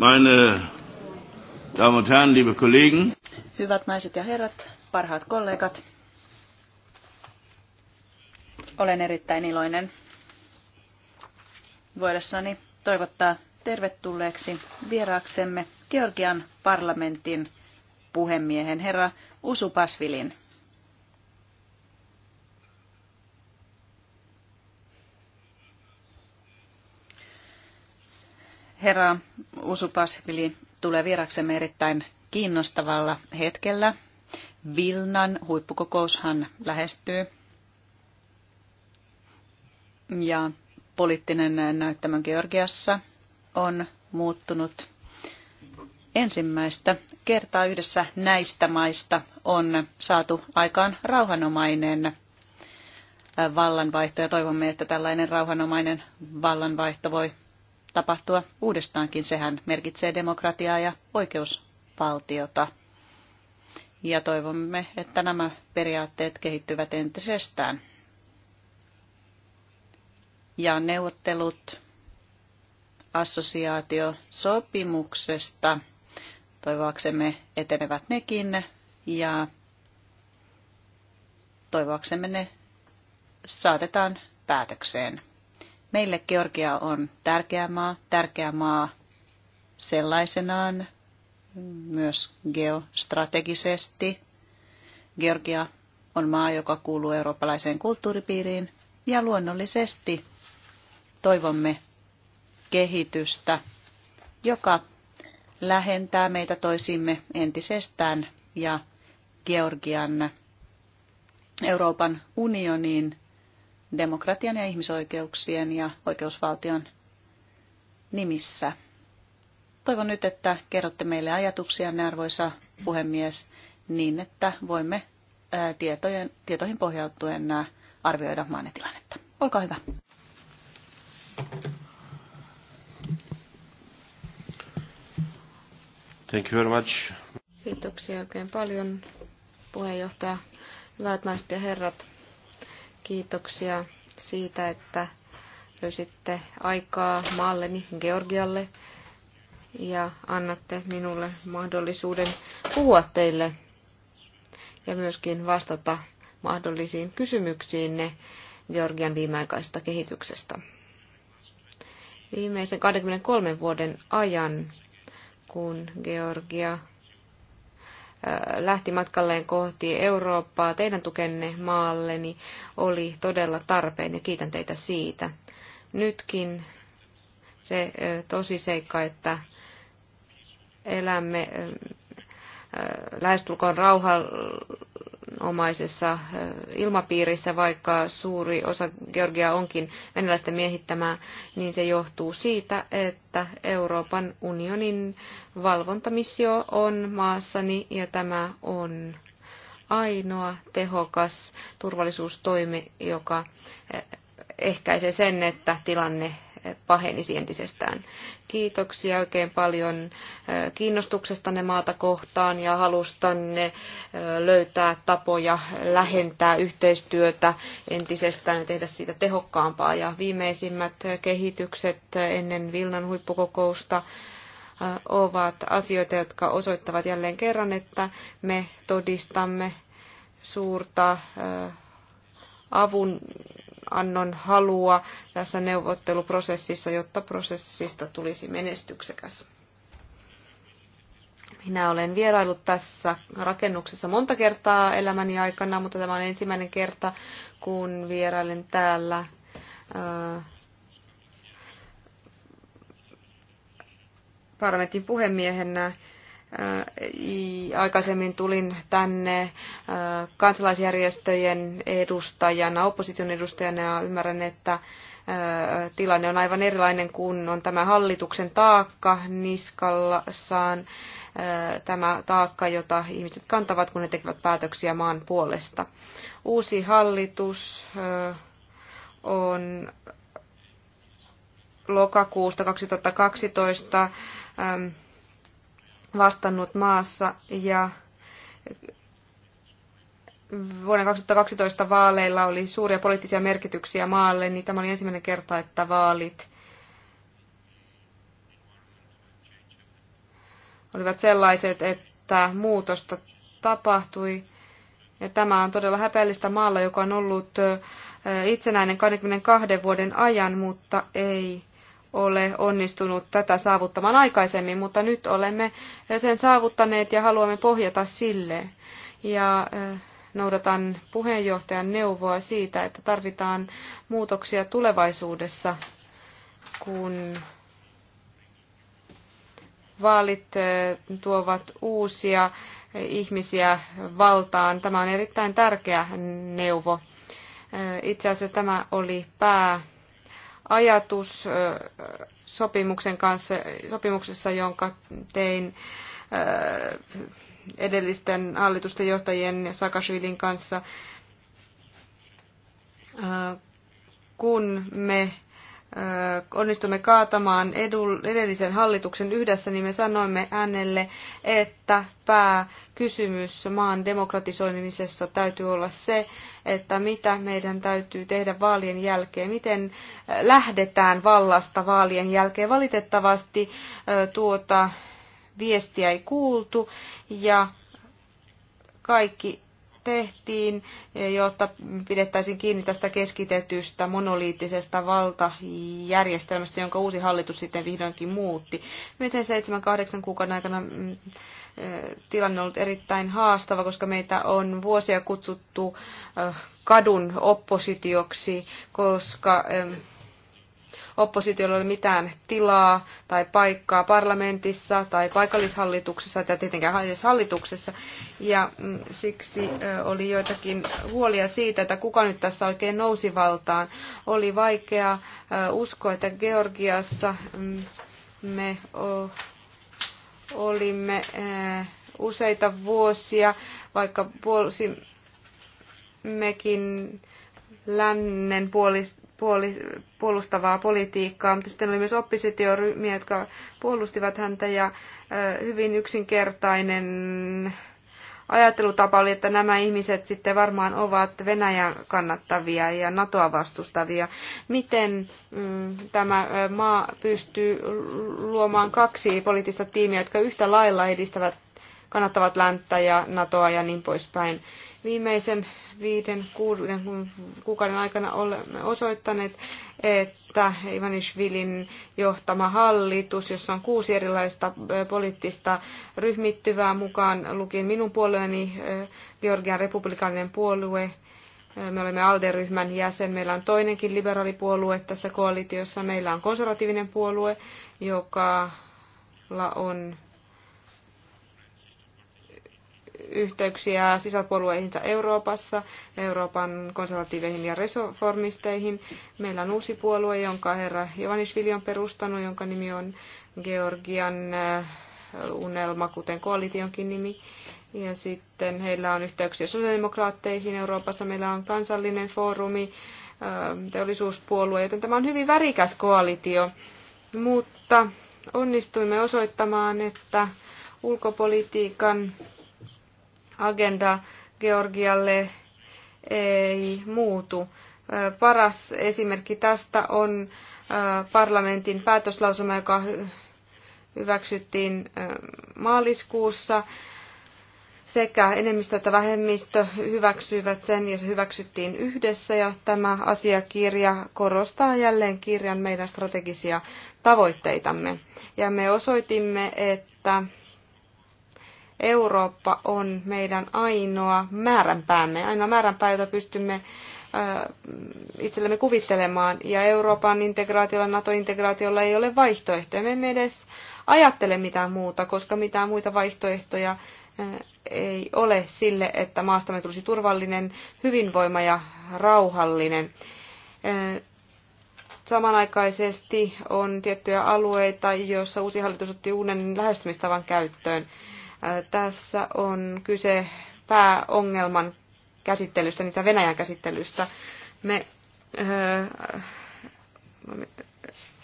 Meine Damen und Herren, liebe Kollegen. Hyvät naiset ja herrat, parhaat kollegat. Olen erittäin iloinen voidessani toivottaa tervetulleeksi vieraaksemme Georgian parlamentin puhemiehen herra Usupasvilin. Herra Usupasvili tulee vieraksemme erittäin kiinnostavalla hetkellä. Vilnan huippukokoushan lähestyy ja poliittinen näyttämä Georgiassa on muuttunut. Ensimmäistä kertaa yhdessä näistä maista on saatu aikaan rauhanomainen vallanvaihto ja toivomme, että tällainen rauhanomainen vallanvaihto voi tapahtua uudestaankin. Sehän merkitsee demokratiaa ja oikeusvaltiota. Ja toivomme, että nämä periaatteet kehittyvät entisestään. Ja neuvottelut assosiaatiosopimuksesta toivoaksemme etenevät nekin ja toivoaksemme ne saatetaan päätökseen. Meille Georgia on tärkeä maa, tärkeä maa sellaisenaan myös geostrategisesti. Georgia on maa, joka kuuluu eurooppalaiseen kulttuuripiiriin ja luonnollisesti toivomme kehitystä, joka lähentää meitä toisimme entisestään ja Georgian Euroopan unioniin demokratian ja ihmisoikeuksien ja oikeusvaltion nimissä. Toivon nyt, että kerrotte meille ajatuksia arvoisa puhemies, niin että voimme tietojen, tietoihin pohjautuen arvioida maanne tilannetta. Olkaa hyvä. Thank you very much. Kiitoksia oikein paljon, puheenjohtaja. Hyvät naiset ja herrat. Kiitoksia siitä, että löysitte aikaa maalleni Georgialle ja annatte minulle mahdollisuuden puhua teille ja myöskin vastata mahdollisiin kysymyksiinne Georgian viimeaikaisesta kehityksestä. Viimeisen 23 vuoden ajan, kun Georgia lähti matkalleen kohti Eurooppaa. Teidän tukenne maalleni oli todella tarpeen ja kiitän teitä siitä. Nytkin se tosi seikka, että elämme lähestulkoon rauhalla rauhanomaisessa ilmapiirissä, vaikka suuri osa Georgia onkin venäläisten miehittämää, niin se johtuu siitä, että Euroopan unionin valvontamissio on maassani ja tämä on ainoa tehokas turvallisuustoimi, joka ehkäisee sen, että tilanne pahenisi entisestään. Kiitoksia oikein paljon kiinnostuksestanne maata kohtaan ja halustanne löytää tapoja lähentää yhteistyötä entisestään ja tehdä siitä tehokkaampaa. Ja viimeisimmät kehitykset ennen Vilnan huippukokousta ovat asioita, jotka osoittavat jälleen kerran, että me todistamme suurta avun tiedonannon halua tässä neuvotteluprosessissa, jotta prosessista tulisi menestyksekäs. Minä olen vierailut tässä rakennuksessa monta kertaa elämäni aikana, mutta tämä on ensimmäinen kerta, kun vierailen täällä parlamentin puhemiehenä Aikaisemmin tulin tänne kansalaisjärjestöjen edustajana, opposition edustajana ja ymmärrän, että tilanne on aivan erilainen kuin on tämä hallituksen taakka niskallaan tämä taakka, jota ihmiset kantavat, kun ne tekevät päätöksiä maan puolesta. Uusi hallitus on lokakuusta 2012 vastannut maassa ja vuoden 2012 vaaleilla oli suuria poliittisia merkityksiä maalle, niin tämä oli ensimmäinen kerta, että vaalit olivat sellaiset, että muutosta tapahtui. Ja tämä on todella häpeällistä maalla, joka on ollut itsenäinen 22 vuoden ajan, mutta ei ole onnistunut tätä saavuttamaan aikaisemmin, mutta nyt olemme sen saavuttaneet ja haluamme pohjata sille. Ja noudatan puheenjohtajan neuvoa siitä, että tarvitaan muutoksia tulevaisuudessa, kun vaalit tuovat uusia ihmisiä valtaan. Tämä on erittäin tärkeä neuvo. Itse asiassa tämä oli pää ajatus sopimuksen kanssa, sopimuksessa, jonka tein edellisten hallitusten johtajien Sakashvilin kanssa, kun me onnistumme kaatamaan edellisen hallituksen yhdessä, niin me sanoimme hänelle, että pääkysymys maan demokratisoinnissa täytyy olla se, että mitä meidän täytyy tehdä vaalien jälkeen, miten lähdetään vallasta vaalien jälkeen. Valitettavasti tuota viestiä ei kuultu ja kaikki tehtiin, jotta pidettäisiin kiinni tästä keskitetystä monoliittisesta valtajärjestelmästä, jonka uusi hallitus sitten vihdoinkin muutti. Nyt seitsemän kahdeksan kuukauden aikana mm, eh, tilanne on ollut erittäin haastava, koska meitä on vuosia kutsuttu eh, kadun oppositioksi, koska oppositiolla ole mitään tilaa tai paikkaa parlamentissa tai paikallishallituksessa tai tietenkään edes hallituksessa. Ja mm, siksi oli joitakin huolia siitä, että kuka nyt tässä oikein nousi valtaan. Oli vaikea uskoa, että Georgiassa mm, me olimme useita vuosia, vaikka puolsi mekin lännen puolista puolustavaa politiikkaa, mutta sitten oli myös oppositioryhmiä, jotka puolustivat häntä ja hyvin yksinkertainen ajattelutapa oli, että nämä ihmiset sitten varmaan ovat Venäjän kannattavia ja NATOa vastustavia. Miten mm, tämä maa pystyy luomaan kaksi poliittista tiimiä, jotka yhtä lailla edistävät, kannattavat länttä ja NATOa ja niin poispäin. Viimeisen viiden kuuden kuukauden aikana olemme osoittaneet, että Ivanishvilin johtama hallitus, jossa on kuusi erilaista poliittista ryhmittyvää mukaan lukien minun puolueeni, Georgian republikaaninen puolue, me olemme ALDE-ryhmän jäsen, meillä on toinenkin liberaalipuolue tässä koalitiossa, meillä on konservatiivinen puolue, joka on yhteyksiä sisäpuolueihinsa Euroopassa, Euroopan konservatiiveihin ja reformisteihin. Meillä on uusi puolue, jonka herra Jovanisvili on perustanut, jonka nimi on Georgian äh, unelma, kuten koalitionkin nimi. Ja sitten heillä on yhteyksiä sosiaalidemokraatteihin Euroopassa. Meillä on kansallinen foorumi, äh, teollisuuspuolue, joten tämä on hyvin värikäs koalitio. Mutta onnistuimme osoittamaan, että ulkopolitiikan agenda Georgialle ei muutu. Paras esimerkki tästä on parlamentin päätöslausuma, joka hyväksyttiin maaliskuussa. Sekä enemmistö että vähemmistö hyväksyivät sen ja se hyväksyttiin yhdessä ja tämä asiakirja korostaa jälleen kirjan meidän strategisia tavoitteitamme. Ja me osoitimme, että Eurooppa on meidän ainoa määränpäämme, ainoa määränpää, jota pystymme itsellemme kuvittelemaan. Ja Euroopan integraatiolla, NATO-integraatiolla ei ole vaihtoehtoja. Me emme edes ajattele mitään muuta, koska mitään muita vaihtoehtoja ei ole sille, että maastamme tulisi turvallinen, hyvinvoima ja rauhallinen. Samanaikaisesti on tiettyjä alueita, joissa uusi hallitus otti uuden lähestymistavan käyttöön. Tässä on kyse pääongelman käsittelystä, niitä Venäjän käsittelystä. Me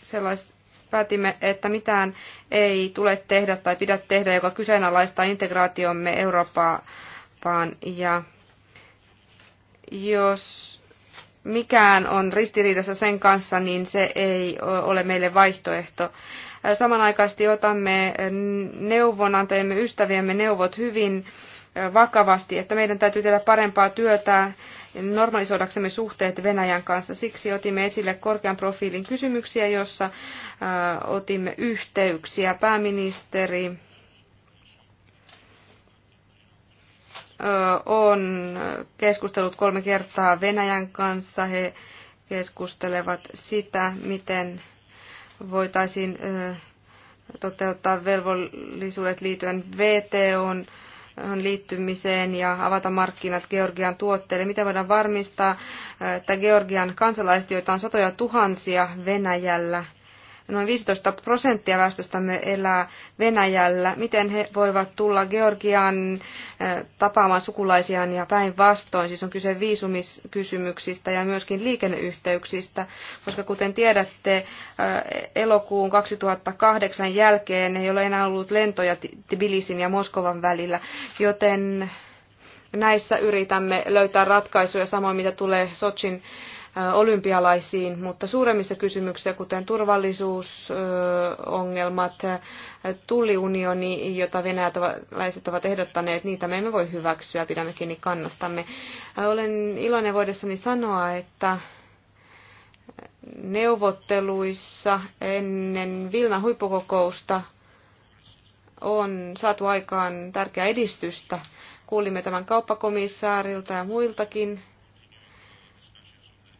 sellais, päätimme, että mitään ei tule tehdä tai pidä tehdä, joka kyseenalaistaa integraatiomme Eurooppaan. Ja jos mikään on ristiriidassa sen kanssa, niin se ei ole meille vaihtoehto. Samanaikaisesti otamme neuvonantajamme, ystäviemme neuvot hyvin vakavasti, että meidän täytyy tehdä parempaa työtä normalisoidaksemme suhteet Venäjän kanssa. Siksi otimme esille korkean profiilin kysymyksiä, jossa otimme yhteyksiä. Pääministeri on keskustellut kolme kertaa Venäjän kanssa. He keskustelevat sitä, miten voitaisiin toteuttaa velvollisuudet liittyen VTOn liittymiseen ja avata markkinat Georgian tuotteille. Miten voidaan varmistaa, että Georgian kansalaiset, joita on satoja tuhansia Venäjällä, noin 15 prosenttia väestöstämme elää Venäjällä. Miten he voivat tulla Georgian eh, tapaamaan sukulaisiaan ja päinvastoin? Siis on kyse viisumiskysymyksistä ja myöskin liikenneyhteyksistä, koska kuten tiedätte, eh, elokuun 2008 jälkeen ei ole enää ollut lentoja Tbilisin ja Moskovan välillä, joten näissä yritämme löytää ratkaisuja samoin mitä tulee Sochin olympialaisiin, mutta suuremmissa kysymyksissä, kuten turvallisuusongelmat, tulliunioni, jota venäläiset ovat ehdottaneet, niitä me emme voi hyväksyä, pidämme kiinni kannastamme. Olen iloinen voidessani sanoa, että neuvotteluissa ennen Vilnan huippukokousta on saatu aikaan tärkeää edistystä. Kuulimme tämän kauppakomissaarilta ja muiltakin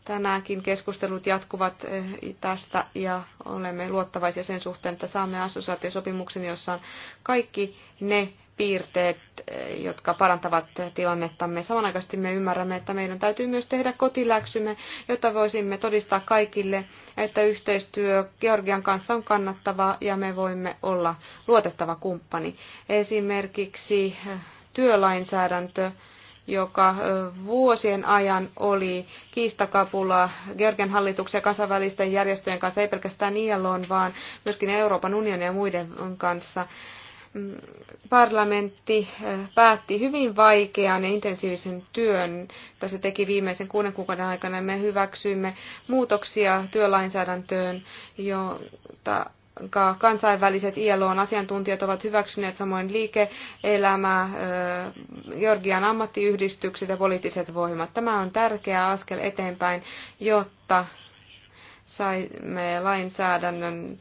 Tänäänkin keskustelut jatkuvat eh, tästä ja olemme luottavaisia sen suhteen, että saamme assosiaatiosopimuksen, jossa on kaikki ne piirteet, eh, jotka parantavat tilannettamme. Samanaikaisesti me ymmärrämme, että meidän täytyy myös tehdä kotiläksymme, jotta voisimme todistaa kaikille, että yhteistyö Georgian kanssa on kannattavaa ja me voimme olla luotettava kumppani. Esimerkiksi eh, työlainsäädäntö joka vuosien ajan oli kiistakapula Georgian hallituksen ja kansainvälisten järjestöjen kanssa, ei pelkästään ILOn, vaan myöskin Euroopan unionin ja muiden kanssa. Mm, parlamentti päätti hyvin vaikean ja intensiivisen työn, jota se teki viimeisen kuuden kuukauden aikana. Me hyväksyimme muutoksia työlainsäädäntöön, jota jonka kansainväliset ILOn asiantuntijat ovat hyväksyneet, samoin liike-elämä, Georgian ammattiyhdistykset ja poliittiset voimat. Tämä on tärkeä askel eteenpäin, jotta saimme lainsäädännön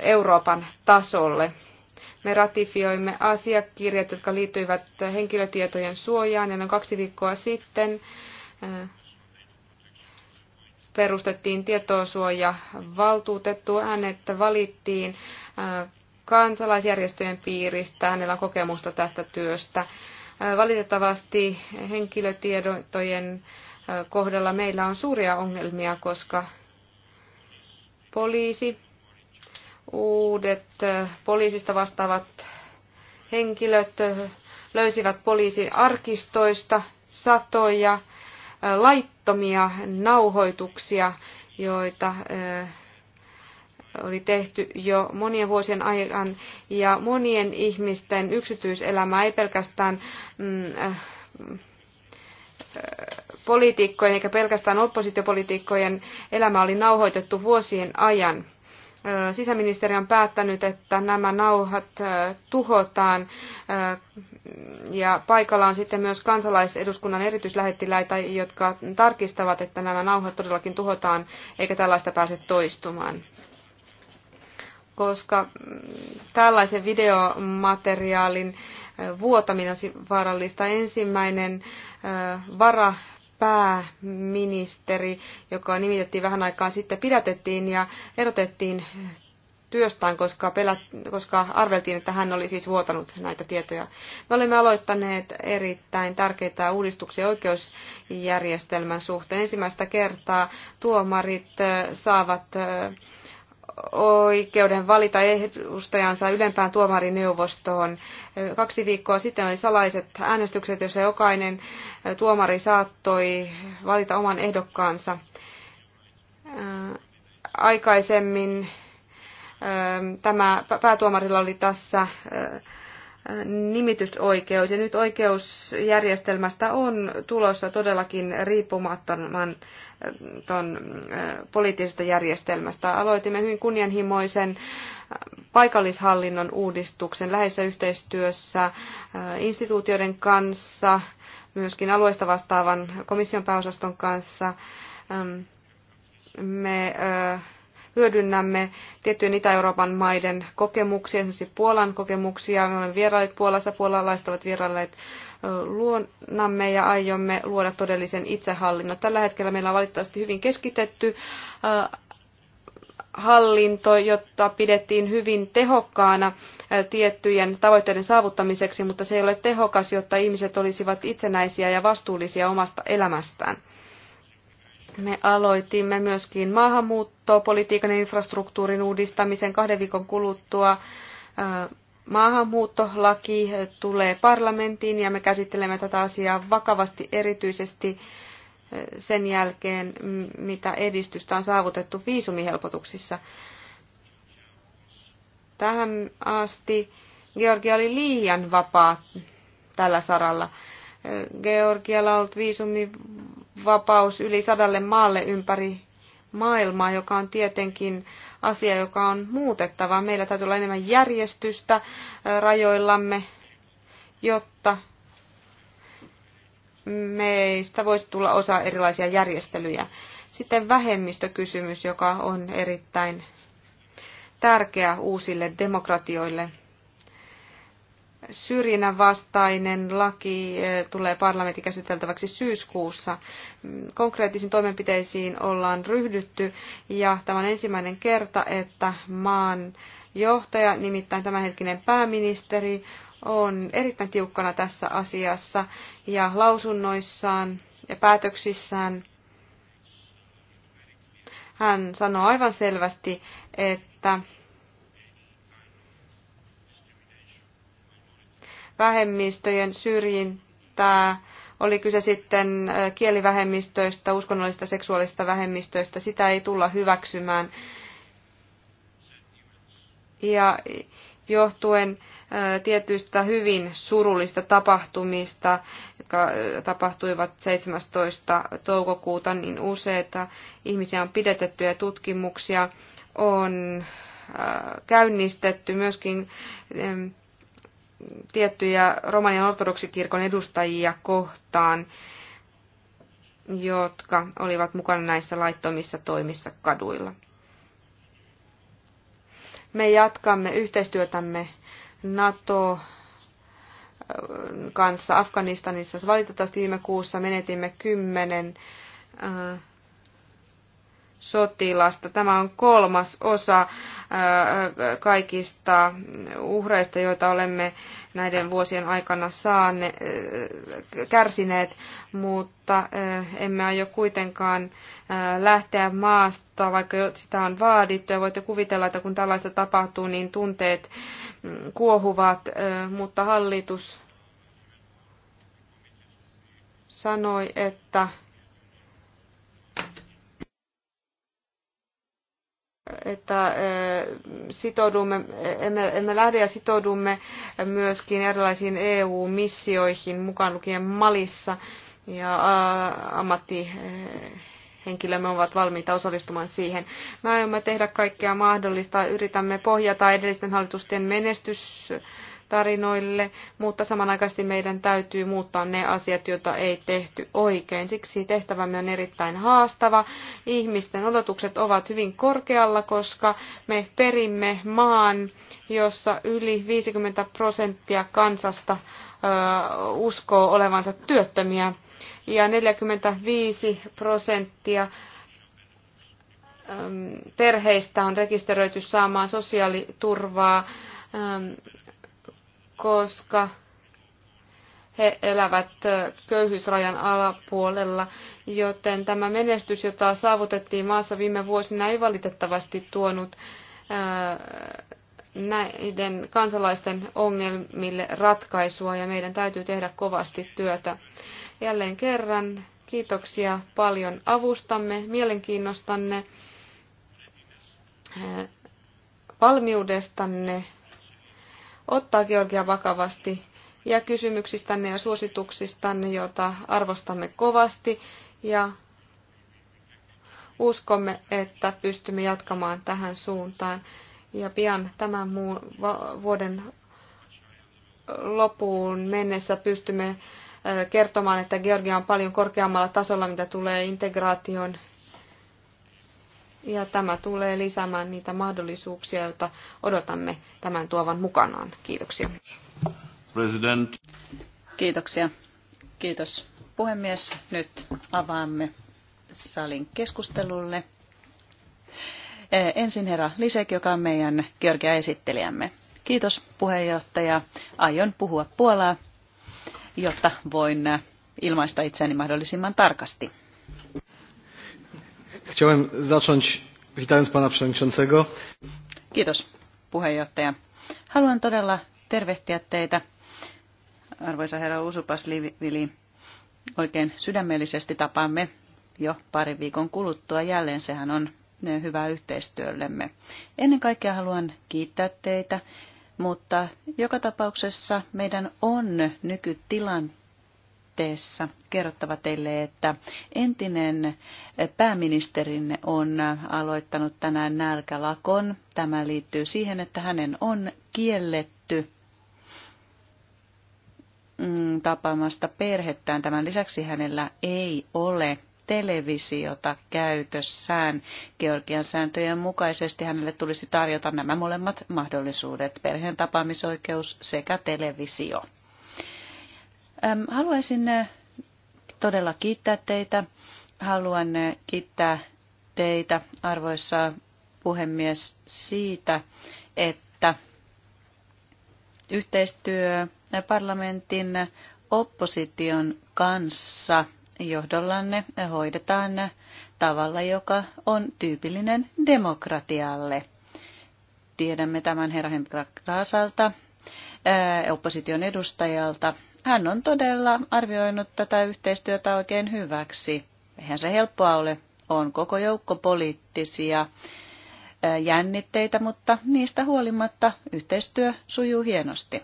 Euroopan tasolle. Me ratifioimme asiakirjat, jotka liittyivät henkilötietojen suojaan, ja noin kaksi viikkoa sitten perustettiin tietosuojavaltuutettu. Hänet valittiin äh, kansalaisjärjestöjen piiristä. Hänellä on kokemusta tästä työstä. Äh, valitettavasti henkilötietojen äh, kohdalla meillä on suuria ongelmia, koska poliisi, uudet poliisista vastaavat henkilöt löysivät poliisin arkistoista satoja laittomia nauhoituksia, joita oli tehty jo monien vuosien ajan ja monien ihmisten yksityiselämää ei pelkästään mm, äh, poliitikkojen eikä pelkästään oppositiopoliitikkojen elämä oli nauhoitettu vuosien ajan sisäministeri on päättänyt, että nämä nauhat tuhotaan ja paikalla on sitten myös kansalaiseduskunnan erityislähettiläitä, jotka tarkistavat, että nämä nauhat todellakin tuhotaan eikä tällaista pääse toistumaan. Koska mm, tällaisen videomateriaalin vuotaminen on vaarallista. Ensimmäinen vara pääministeri, joka nimitettiin vähän aikaa sitten, pidätettiin ja erotettiin työstään, koska, pelät, koska arveltiin, että hän oli siis vuotanut näitä tietoja. Me olemme aloittaneet erittäin tärkeitä uudistuksia oikeusjärjestelmän suhteen. Ensimmäistä kertaa tuomarit äh, saavat äh, oikeuden valita edustajansa ylempään tuomarineuvostoon. Kaksi viikkoa sitten oli salaiset äänestykset, joissa jokainen tuomari saattoi valita oman ehdokkaansa. Aikaisemmin tämä päätuomarilla oli tässä nimitysoikeus. Ja nyt oikeusjärjestelmästä on tulossa todellakin riippumattoman äh, ton, äh, poliittisesta järjestelmästä. Aloitimme hyvin kunnianhimoisen äh, paikallishallinnon uudistuksen läheisessä yhteistyössä instituutioiden kanssa, myöskin alueesta vastaavan komission pääosaston kanssa. Ähm, me hyödynnämme tiettyjen Itä-Euroopan maiden kokemuksia, esimerkiksi Puolan kokemuksia. Me olemme vierailleet Puolassa, puolalaiset ovat vierailleet luonnamme ja aiomme luoda todellisen itsehallinnon. Tällä hetkellä meillä on valitettavasti hyvin keskitetty hallinto, jota pidettiin hyvin tehokkaana tiettyjen tavoitteiden saavuttamiseksi, mutta se ei ole tehokas, jotta ihmiset olisivat itsenäisiä ja vastuullisia omasta elämästään. Me aloitimme myöskin maahanmuuttopolitiikan ja infrastruktuurin uudistamisen kahden viikon kuluttua. Maahanmuuttolaki tulee parlamenttiin ja me käsittelemme tätä asiaa vakavasti erityisesti sen jälkeen, mitä edistystä on saavutettu viisumihelpotuksissa. Tähän asti Georgia oli liian vapaa tällä saralla. Georgialla on ollut viisumi vapaus yli sadalle maalle ympäri maailmaa, joka on tietenkin asia, joka on muutettava. Meillä täytyy olla enemmän järjestystä rajoillamme, jotta meistä voisi tulla osa erilaisia järjestelyjä. Sitten vähemmistökysymys, joka on erittäin tärkeä uusille demokratioille – syrjinnän vastainen laki eh, tulee parlamentin käsiteltäväksi syyskuussa. Konkreettisiin toimenpiteisiin ollaan ryhdytty ja tämä on ensimmäinen kerta, että maan johtaja, nimittäin tämänhetkinen pääministeri, on erittäin tiukkana tässä asiassa ja lausunnoissaan ja päätöksissään hän sanoo aivan selvästi, että vähemmistöjen syrjintää, oli kyse sitten kielivähemmistöistä, uskonnollista seksuaalista vähemmistöistä, sitä ei tulla hyväksymään. Ja johtuen tietyistä hyvin surullista tapahtumista, jotka tapahtuivat 17. toukokuuta, niin useita ihmisiä on pidetetty ja tutkimuksia on käynnistetty myöskin tiettyjä Romanian ortodoksikirkon edustajia kohtaan, jotka olivat mukana näissä laittomissa toimissa kaduilla. Me jatkamme yhteistyötämme NATO äh, kanssa Afganistanissa. Valitettavasti viime kuussa menetimme kymmenen äh, sotilasta. Tämä on kolmas osa äh, kaikista uhreista, joita olemme näiden vuosien aikana saaneet äh, kärsineet, mutta äh, emme aio kuitenkaan lähteä maasta, vaikka sitä on vaadittu. Ja voitte kuvitella, että kun tällaista tapahtuu, niin tunteet mm, kuohuvat, mutta hallitus sanoi, että että äh, sitoudumme, emme, emme lähde ja sitoudumme myöskin erilaisiin EU-missioihin, mukaan lukien Malissa, ja äh, ammattihenkilömme ovat valmiita osallistumaan siihen. Me aiomme tehdä kaikkea mahdollista, yritämme pohjata edellisten hallitusten menestys tarinoille, mutta samanaikaisesti meidän täytyy muuttaa ne asiat, joita ei tehty oikein. Siksi tehtävämme on erittäin haastava. Ihmisten odotukset ovat hyvin korkealla, koska me perimme maan, jossa yli 50 prosenttia kansasta ö, uskoo olevansa työttömiä ja 45 prosenttia perheistä on rekisteröity saamaan sosiaaliturvaa koska he elävät köyhyysrajan alapuolella, joten tämä menestys, jota saavutettiin maassa viime vuosina, ei valitettavasti tuonut näiden kansalaisten ongelmille ratkaisua ja meidän täytyy tehdä kovasti työtä. Jälleen kerran kiitoksia paljon avustamme, mielenkiinnostanne, valmiudestanne ottaa Georgia vakavasti ja kysymyksistänne ja suosituksistanne, joita arvostamme kovasti ja uskomme, että pystymme jatkamaan tähän suuntaan. Ja pian tämän vuoden lopuun mennessä pystymme kertomaan, että Georgia on paljon korkeammalla tasolla, mitä tulee integraation ja tämä tulee lisäämään niitä mahdollisuuksia, joita odotamme tämän tuovan mukanaan. Kiitoksia. President. Kiitoksia. Kiitos puhemies. Nyt avaamme salin keskustelulle. Ensin herra Lisek, joka on meidän Georgia esittelijämme. Kiitos puheenjohtaja. Aion puhua Puolaa, jotta voin ilmaista itseäni mahdollisimman tarkasti. Chciałem zacząć witając pana przewodniczącego. Kiitos puheenjohtaja. Haluan todella tervehtiä teitä, arvoisa herra Usupas Livili. Oikein sydämellisesti tapaamme jo pari viikon kuluttua jälleen. Sehän on hyvää yhteistyöllemme. Ennen kaikkea haluan kiittää teitä, mutta joka tapauksessa meidän on nykytilan aloitteessa kerrottava teille, että entinen pääministerinne on aloittanut tänään nälkälakon. Tämä liittyy siihen, että hänen on kielletty mm, tapaamasta perhettään. Tämän lisäksi hänellä ei ole televisiota käytössään. Georgian sääntöjen mukaisesti hänelle tulisi tarjota nämä molemmat mahdollisuudet, perheen tapaamisoikeus sekä televisio. Haluaisin äh, todella kiittää teitä. Haluan äh, kiittää teitä, arvoisa puhemies, siitä, että yhteistyö parlamentin opposition kanssa johdollanne hoidetaan tavalla, joka on tyypillinen demokratialle. Tiedämme tämän herra Hempra opposition edustajalta, hän on todella arvioinut tätä yhteistyötä oikein hyväksi. Eihän se helppoa ole. On koko joukko poliittisia jännitteitä, mutta niistä huolimatta yhteistyö sujuu hienosti.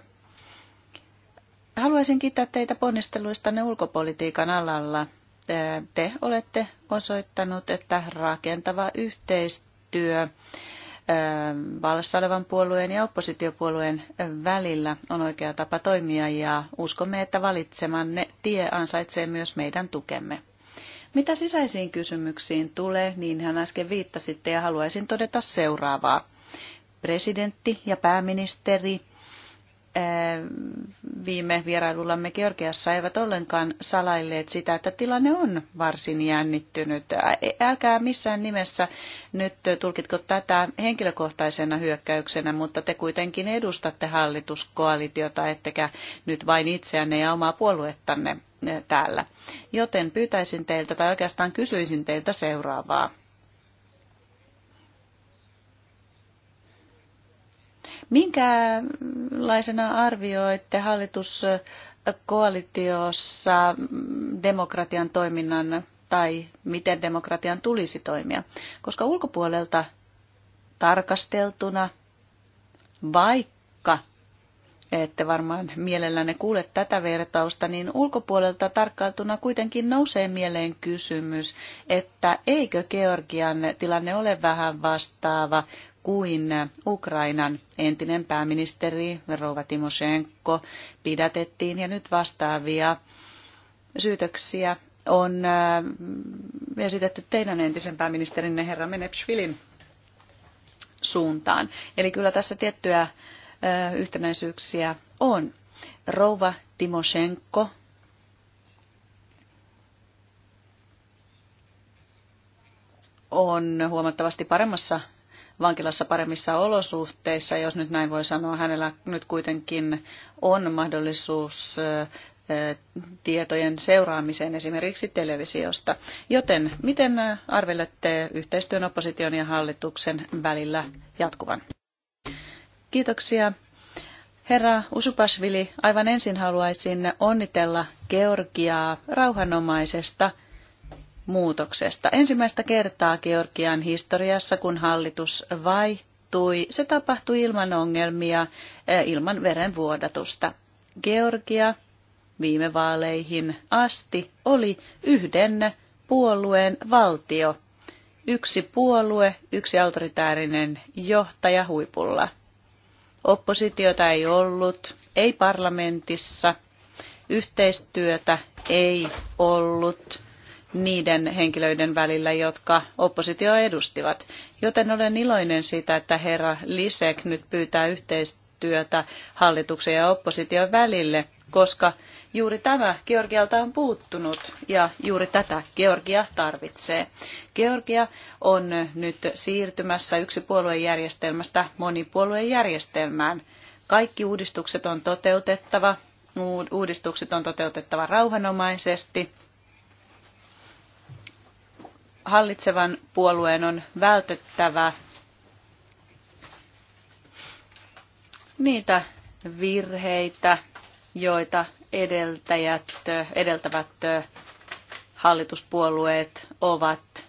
Haluaisin kiittää teitä ponnisteluistanne ulkopolitiikan alalla. Te olette osoittanut, että rakentava yhteistyö Ähm, vallassa olevan puolueen ja oppositiopuolueen välillä on oikea tapa toimia ja uskomme, että valitsemanne tie ansaitsee myös meidän tukemme. Mitä sisäisiin kysymyksiin tulee, niin hän äsken viittasitte ja haluaisin todeta seuraavaa. Presidentti ja pääministeri viime vierailullamme Georgiassa eivät ollenkaan salailleet sitä, että tilanne on varsin jännittynyt. Älkää missään nimessä nyt tulkitko tätä henkilökohtaisena hyökkäyksenä, mutta te kuitenkin edustatte hallituskoalitiota, ettekä nyt vain itseänne ja omaa puoluettanne täällä. Joten pyytäisin teiltä tai oikeastaan kysyisin teiltä seuraavaa. Minkälaisena arvioitte hallituskoalitiossa demokratian toiminnan tai miten demokratian tulisi toimia? Koska ulkopuolelta tarkasteltuna, vaikka ette varmaan mielellänne kuule tätä vertausta, niin ulkopuolelta tarkkailtuna kuitenkin nousee mieleen kysymys, että eikö Georgian tilanne ole vähän vastaava kuin Ukrainan entinen pääministeri Rova Timoshenko pidätettiin ja nyt vastaavia syytöksiä on äh, esitetty teidän entisen pääministerinne herra Menepshvilin suuntaan. Eli kyllä tässä tiettyjä äh, yhtenäisyyksiä on. Rouva Timoshenko on huomattavasti paremmassa vankilassa paremmissa olosuhteissa, jos nyt näin voi sanoa. Hänellä nyt kuitenkin on mahdollisuus tietojen seuraamiseen esimerkiksi televisiosta. Joten miten arvelette yhteistyön opposition ja hallituksen välillä jatkuvan? Kiitoksia. Herra Usupasvili, aivan ensin haluaisin onnitella Georgiaa rauhanomaisesta – muutoksesta. Ensimmäistä kertaa Georgian historiassa, kun hallitus vaihtui, se tapahtui ilman ongelmia, eh, ilman verenvuodatusta. Georgia viime vaaleihin asti oli yhden puolueen valtio. Yksi puolue, yksi autoritäärinen johtaja huipulla. Oppositiota ei ollut, ei parlamentissa, yhteistyötä ei ollut niiden henkilöiden välillä, jotka oppositio edustivat. Joten olen iloinen siitä, että herra Lisek nyt pyytää yhteistyötä hallituksen ja opposition välille, koska juuri tämä Georgialta on puuttunut ja juuri tätä Georgia tarvitsee. Georgia on nyt siirtymässä yksipuoluejärjestelmästä monipuoluejärjestelmään. Kaikki uudistukset on toteutettava, uudistukset on toteutettava rauhanomaisesti hallitsevan puolueen on vältettävä niitä virheitä, joita edeltäjät, edeltävät hallituspuolueet ovat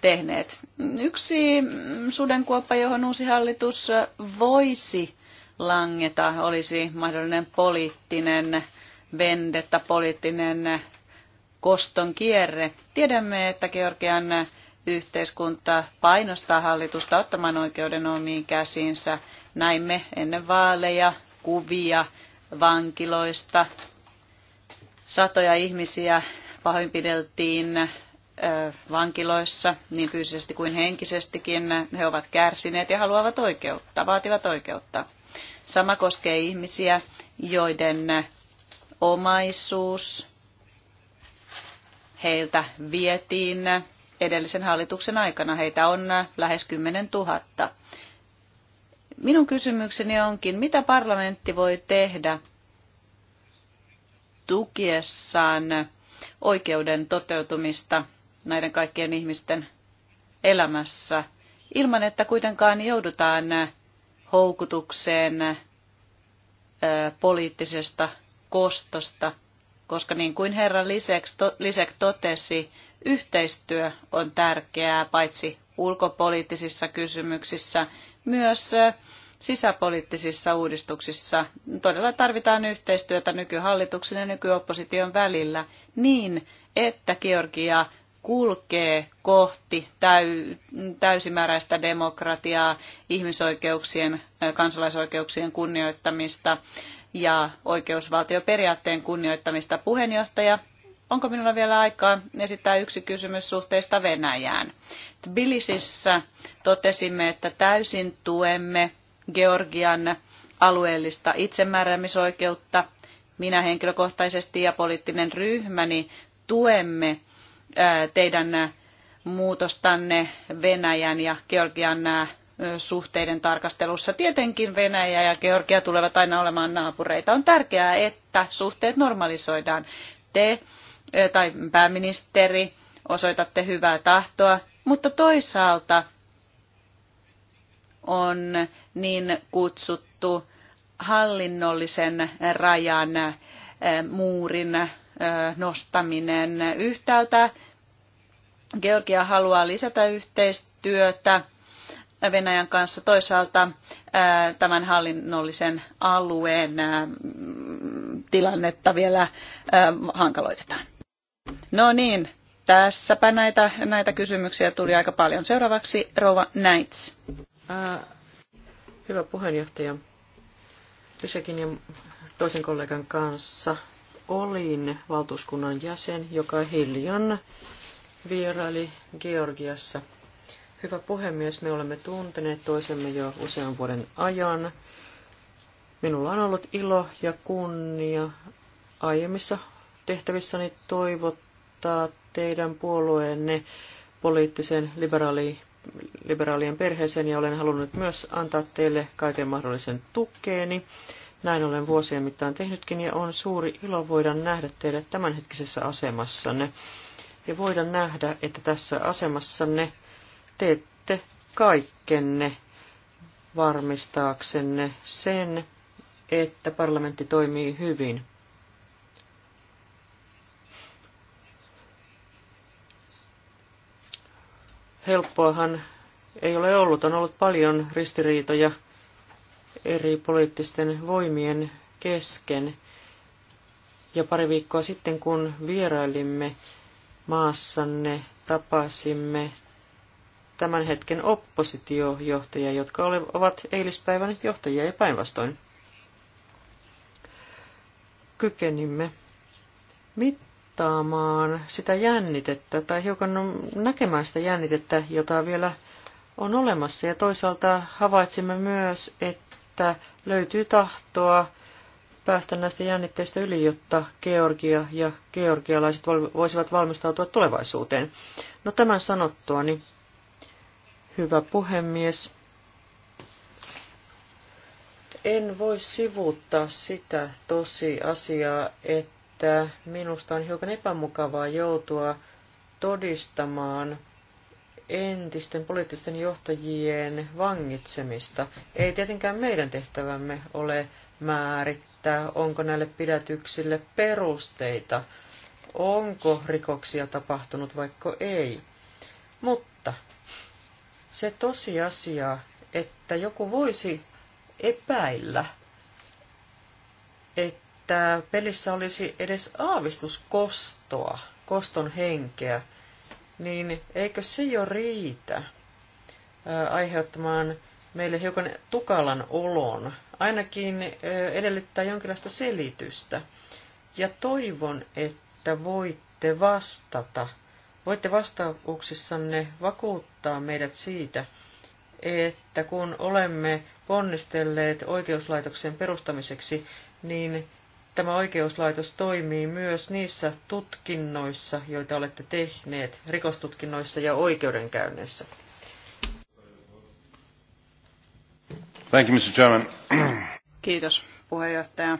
tehneet. Yksi sudenkuoppa, johon uusi hallitus voisi langeta, olisi mahdollinen poliittinen vendetta, poliittinen koston kierre. Tiedämme, että Georgian yhteiskunta painostaa hallitusta ottamaan oikeuden omiin käsiinsä. Näimme ennen vaaleja kuvia vankiloista. Satoja ihmisiä pahoinpideltiin vankiloissa niin fyysisesti kuin henkisestikin. He ovat kärsineet ja haluavat oikeutta, vaativat oikeutta. Sama koskee ihmisiä, joiden omaisuus heiltä vietiin edellisen hallituksen aikana. Heitä on lähes 10 000. Minun kysymykseni onkin, mitä parlamentti voi tehdä tukiessaan oikeuden toteutumista näiden kaikkien ihmisten elämässä, ilman että kuitenkaan joudutaan houkutukseen poliittisesta kostosta koska niin kuin herra Lisek, to, Lisek totesi, yhteistyö on tärkeää paitsi ulkopoliittisissa kysymyksissä, myös sisäpoliittisissa uudistuksissa. Todella tarvitaan yhteistyötä nykyhallituksen ja nykyopposition välillä niin, että Georgia kulkee kohti täysimääräistä demokratiaa, ihmisoikeuksien, kansalaisoikeuksien kunnioittamista, ja oikeusvaltioperiaatteen kunnioittamista. Puheenjohtaja, onko minulla vielä aikaa esittää yksi kysymys suhteesta Venäjään? Tbilisissä totesimme, että täysin tuemme Georgian alueellista itsemääräämisoikeutta. Minä henkilökohtaisesti ja poliittinen ryhmäni tuemme teidän muutostanne Venäjän ja Georgian suhteiden tarkastelussa. Tietenkin Venäjä ja Georgia tulevat aina olemaan naapureita. On tärkeää, että suhteet normalisoidaan. Te tai pääministeri osoitatte hyvää tahtoa, mutta toisaalta on niin kutsuttu hallinnollisen rajan muurin nostaminen yhtäältä. Georgia haluaa lisätä yhteistyötä Venäjän kanssa, toisaalta tämän hallinnollisen alueen tilannetta vielä hankaloitetaan. No niin, tässäpä näitä, näitä kysymyksiä tuli aika paljon. Seuraavaksi Rova Näits. Hyvä puheenjohtaja. Pysäkin ja toisen kollegan kanssa olin valtuuskunnan jäsen, joka hiljan vieraili Georgiassa – Hyvä puhemies, me olemme tunteneet toisemme jo usean vuoden ajan. Minulla on ollut ilo ja kunnia aiemmissa tehtävissäni toivottaa teidän puolueenne poliittisen liberaali, liberaalien perheeseen ja olen halunnut myös antaa teille kaiken mahdollisen tukeeni. Näin olen vuosien mittaan tehnytkin ja on suuri ilo voida nähdä teidät tämänhetkisessä asemassanne. Ja voidaan nähdä, että tässä asemassanne teette kaikkenne varmistaaksenne sen, että parlamentti toimii hyvin. Helppoahan ei ole ollut, on ollut paljon ristiriitoja eri poliittisten voimien kesken. Ja pari viikkoa sitten, kun vierailimme maassanne, tapasimme tämän hetken oppositiojohtajia, jotka ovat eilispäivän johtajia ja päinvastoin. Kykenimme mittaamaan sitä jännitettä tai hiukan näkemään sitä jännitettä, jota vielä on olemassa. Ja toisaalta havaitsimme myös, että löytyy tahtoa päästä näistä jännitteistä yli, jotta Georgia ja georgialaiset voisivat valmistautua tulevaisuuteen. No tämän niin Hyvä puhemies. En voi sivuuttaa sitä tosi asiaa, että minusta on hiukan epämukavaa joutua todistamaan entisten poliittisten johtajien vangitsemista. Ei tietenkään meidän tehtävämme ole määrittää, onko näille pidätyksille perusteita, onko rikoksia tapahtunut vaikka ei. Mutta se tosiasia, että joku voisi epäillä, että pelissä olisi edes aavistus kostoa, koston henkeä, niin eikö se jo riitä aiheuttamaan meille hiukan tukalan olon, ainakin edellyttää jonkinlaista selitystä. Ja toivon, että voitte vastata Voitte vastauksissanne vakuuttaa meidät siitä, että kun olemme ponnistelleet oikeuslaitoksen perustamiseksi, niin tämä oikeuslaitos toimii myös niissä tutkinnoissa, joita olette tehneet, rikostutkinnoissa ja oikeudenkäynneissä. Thank you, Mr. Chairman. Kiitos puheenjohtaja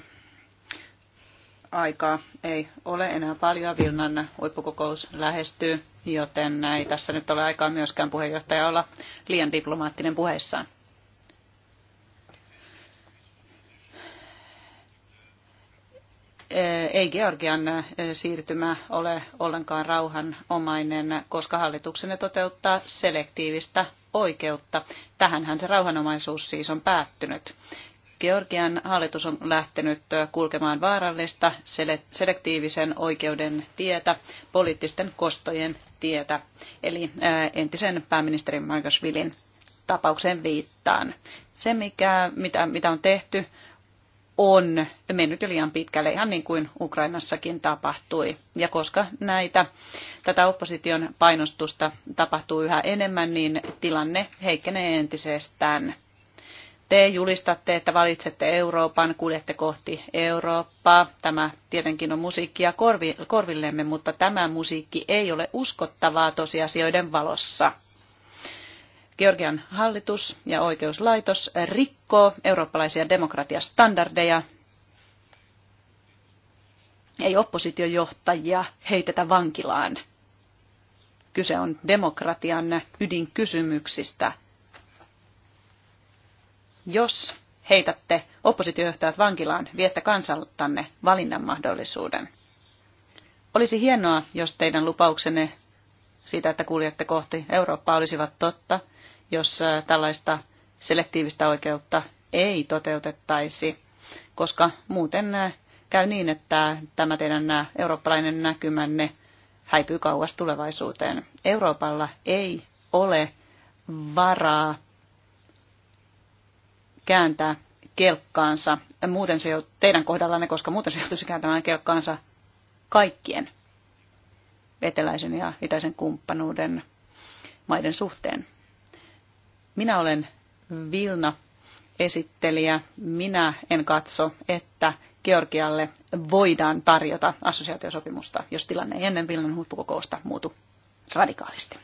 aikaa ei ole enää paljon. Vilnan huippukokous lähestyy, joten ei tässä nyt ole aikaa myöskään puheenjohtaja olla liian diplomaattinen puheissaan. ei Georgian e, siirtymä ole ollenkaan rauhanomainen, koska hallituksenne toteuttaa selektiivistä oikeutta. Tähänhän se rauhanomaisuus siis on päättynyt. Georgian hallitus on lähtenyt kulkemaan vaarallista selektiivisen oikeuden tietä, poliittisten kostojen tietä, eli entisen pääministerin Margasvilin tapaukseen viittaan. Se, mikä, mitä, mitä on tehty, on mennyt jo liian pitkälle, ihan niin kuin Ukrainassakin tapahtui. Ja koska näitä, tätä opposition painostusta tapahtuu yhä enemmän, niin tilanne heikkenee entisestään te julistatte, että valitsette Euroopan, kuljette kohti Eurooppaa. Tämä tietenkin on musiikkia korvi, korvillemme, mutta tämä musiikki ei ole uskottavaa tosiasioiden valossa. Georgian hallitus ja oikeuslaitos rikkoo eurooppalaisia demokratiastandardeja. Ei oppositiojohtajia heitetä vankilaan. Kyse on demokratian ydinkysymyksistä – jos heitätte oppositiojohtajat vankilaan, viette kansaltanne valinnan mahdollisuuden. Olisi hienoa, jos teidän lupauksenne siitä, että kuljette kohti Eurooppaa, olisivat totta, jos tällaista selektiivistä oikeutta ei toteutettaisi, koska muuten käy niin, että tämä teidän eurooppalainen näkymänne häipyy kauas tulevaisuuteen. Euroopalla ei ole varaa kääntää kelkkaansa, muuten se jo teidän kohdallanne, koska muuten se joutuisi kääntämään kelkkaansa kaikkien eteläisen ja itäisen kumppanuuden maiden suhteen. Minä olen Vilna esittelijä. Minä en katso, että Georgialle voidaan tarjota assosiaatiosopimusta, jos tilanne ei ennen Vilnan huippukokousta muutu radikaalisti.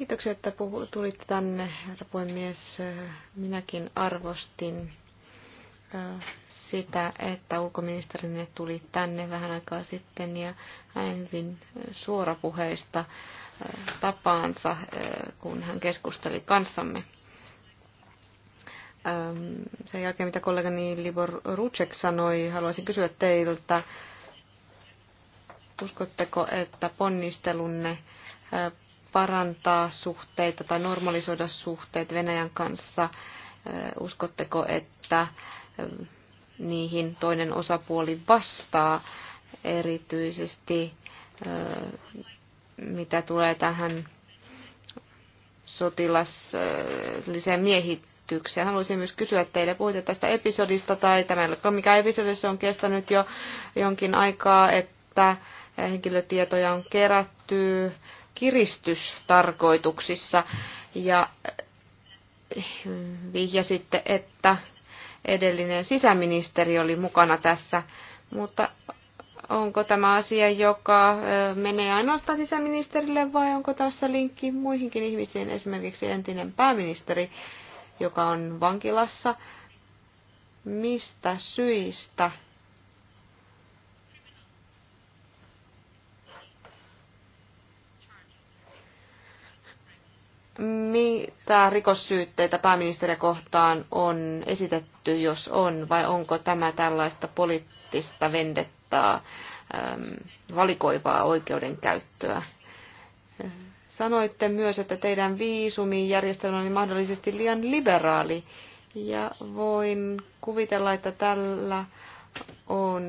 Kiitoksia, että puhu, tulitte tänne, herra puhemies. Minäkin arvostin äh, sitä, että ulkoministerinne tuli tänne vähän aikaa sitten ja hänen hyvin äh, suorapuheista äh, tapaansa, kun hän keskusteli kanssamme. Ähm, sen jälkeen, mitä kollegani Libor Rucek sanoi, haluaisin kysyä teiltä, uskotteko, että ponnistelunne parantaa suhteita tai normalisoida suhteet Venäjän kanssa? Uskotteko, että niihin toinen osapuoli vastaa erityisesti, mitä tulee tähän sotilasliseen miehitykseen. Haluaisin myös kysyä teille, puhuitte tästä episodista tai tämä, mikä episodissa on kestänyt jo jonkin aikaa, että henkilötietoja on kerätty kiristystarkoituksissa ja eh, vihjasitte, että edellinen sisäministeri oli mukana tässä, mutta onko tämä asia, joka eh, menee ainoastaan sisäministerille vai onko tässä linkki muihinkin ihmisiin, esimerkiksi entinen pääministeri, joka on vankilassa? Mistä syistä mitä rikossyytteitä pääministeriä kohtaan on esitetty, jos on, vai onko tämä tällaista poliittista vendettaa, ähm, valikoivaa oikeudenkäyttöä? Sanoitte myös, että teidän viisumijärjestelmä oli mahdollisesti liian liberaali, ja voin kuvitella, että tällä on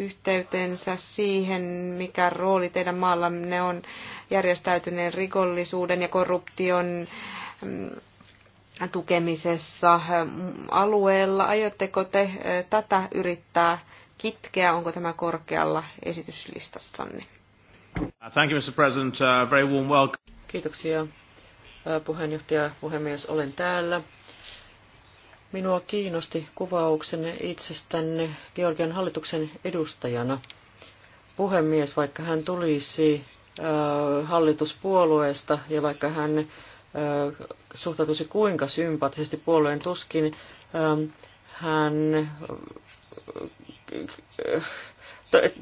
yhteytensä siihen, mikä rooli teidän ne on järjestäytyneen rikollisuuden ja korruption mm, tukemisessa mm, alueella. Aiotteko te eh, tätä yrittää kitkeä? Onko tämä korkealla esityslistassanne? Thank you, Mr. President. Uh, very warm welcome. Kiitoksia uh, puheenjohtaja, puhemies, olen täällä. Minua kiinnosti kuvauksenne itsestänne Georgian hallituksen edustajana. Puhemies, vaikka hän tulisi hallituspuolueesta ja vaikka hän suhtautuisi kuinka sympaattisesti puolueen tuskin, hän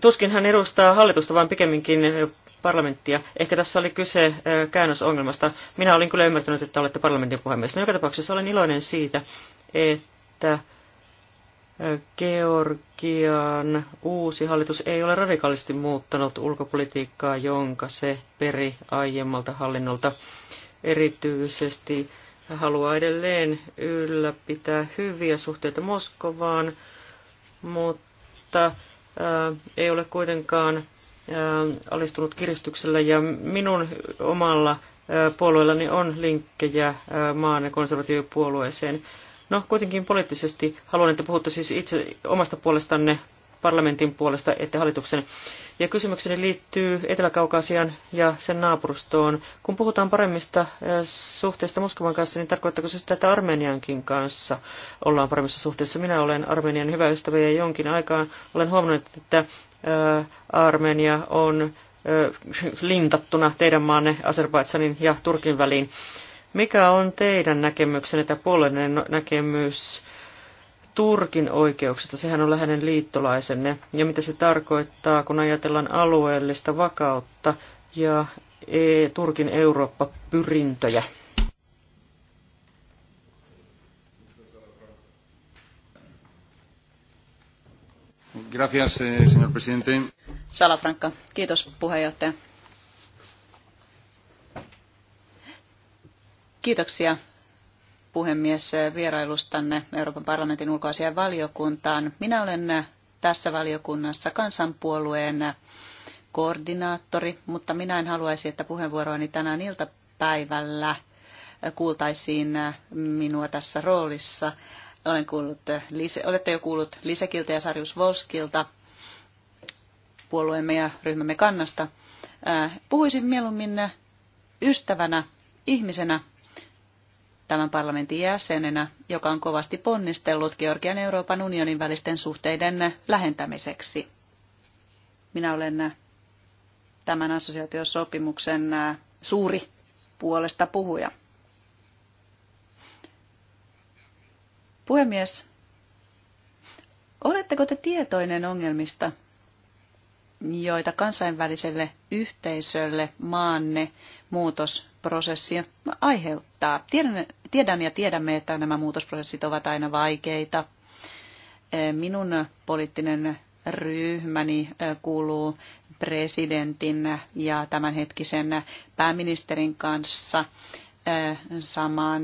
tuskin hän edustaa hallitusta, vaan pikemminkin parlamenttia. Ehkä tässä oli kyse käännösongelmasta. Minä olin kyllä ymmärtänyt, että olette parlamentin puhemies. No, joka tapauksessa olen iloinen siitä, että Georgian uusi hallitus ei ole radikaalisti muuttanut ulkopolitiikkaa, jonka se peri aiemmalta hallinnolta. Erityisesti haluaa edelleen ylläpitää hyviä suhteita Moskovaan, mutta ää, ei ole kuitenkaan alistunut kiristyksellä ja minun omalla puolueellani on linkkejä maan ja konservatiivipuolueeseen. No kuitenkin poliittisesti haluan, että puhutte siis itse omasta puolestanne parlamentin puolesta että hallituksen. Ja kysymykseni liittyy Etelä-Kaukasian ja sen naapurustoon. Kun puhutaan paremmista eh, suhteista Moskovan kanssa, niin tarkoittako se sitä, että Armeniankin kanssa ollaan paremmissa suhteissa? Minä olen Armenian hyvä ystävä ja jonkin aikaan olen huomannut, että eh, Armenia on eh, lintattuna teidän maanne Azerbaidsanin ja Turkin väliin. Mikä on teidän näkemyksenne tai puolenne näkemys Turkin oikeuksista. Sehän on hänen liittolaisenne. Ja mitä se tarkoittaa, kun ajatellaan alueellista vakautta ja e, Turkin Eurooppa-pyrintöjä? Gracias, eh, señor presidente. Salafranca. Kiitos, puheenjohtaja. Kiitoksia puhemies, vierailustanne Euroopan parlamentin ulkoasian valiokuntaan. Minä olen tässä valiokunnassa kansanpuolueen koordinaattori, mutta minä en haluaisi, että puheenvuoroani tänään iltapäivällä kuultaisiin minua tässä roolissa. Olen kuullut, olette jo kuullut Lisekiltä ja Sarjus Volskilta puolueemme ja ryhmämme kannasta. Puhuisin mieluummin ystävänä, ihmisenä, tämän parlamentin jäsenenä, joka on kovasti ponnistellut Georgian Euroopan unionin välisten suhteiden lähentämiseksi. Minä olen tämän assosiaatiosopimuksen suuri puolesta puhuja. Puhemies, oletteko te tietoinen ongelmista, joita kansainväliselle yhteisölle maanne muutos muutosprosessia aiheuttaa. Tiedän, tiedän ja tiedämme, että nämä muutosprosessit ovat aina vaikeita. Eh, minun poliittinen ryhmäni eh, kuuluu presidentin ja tämänhetkisen pääministerin kanssa eh, samaan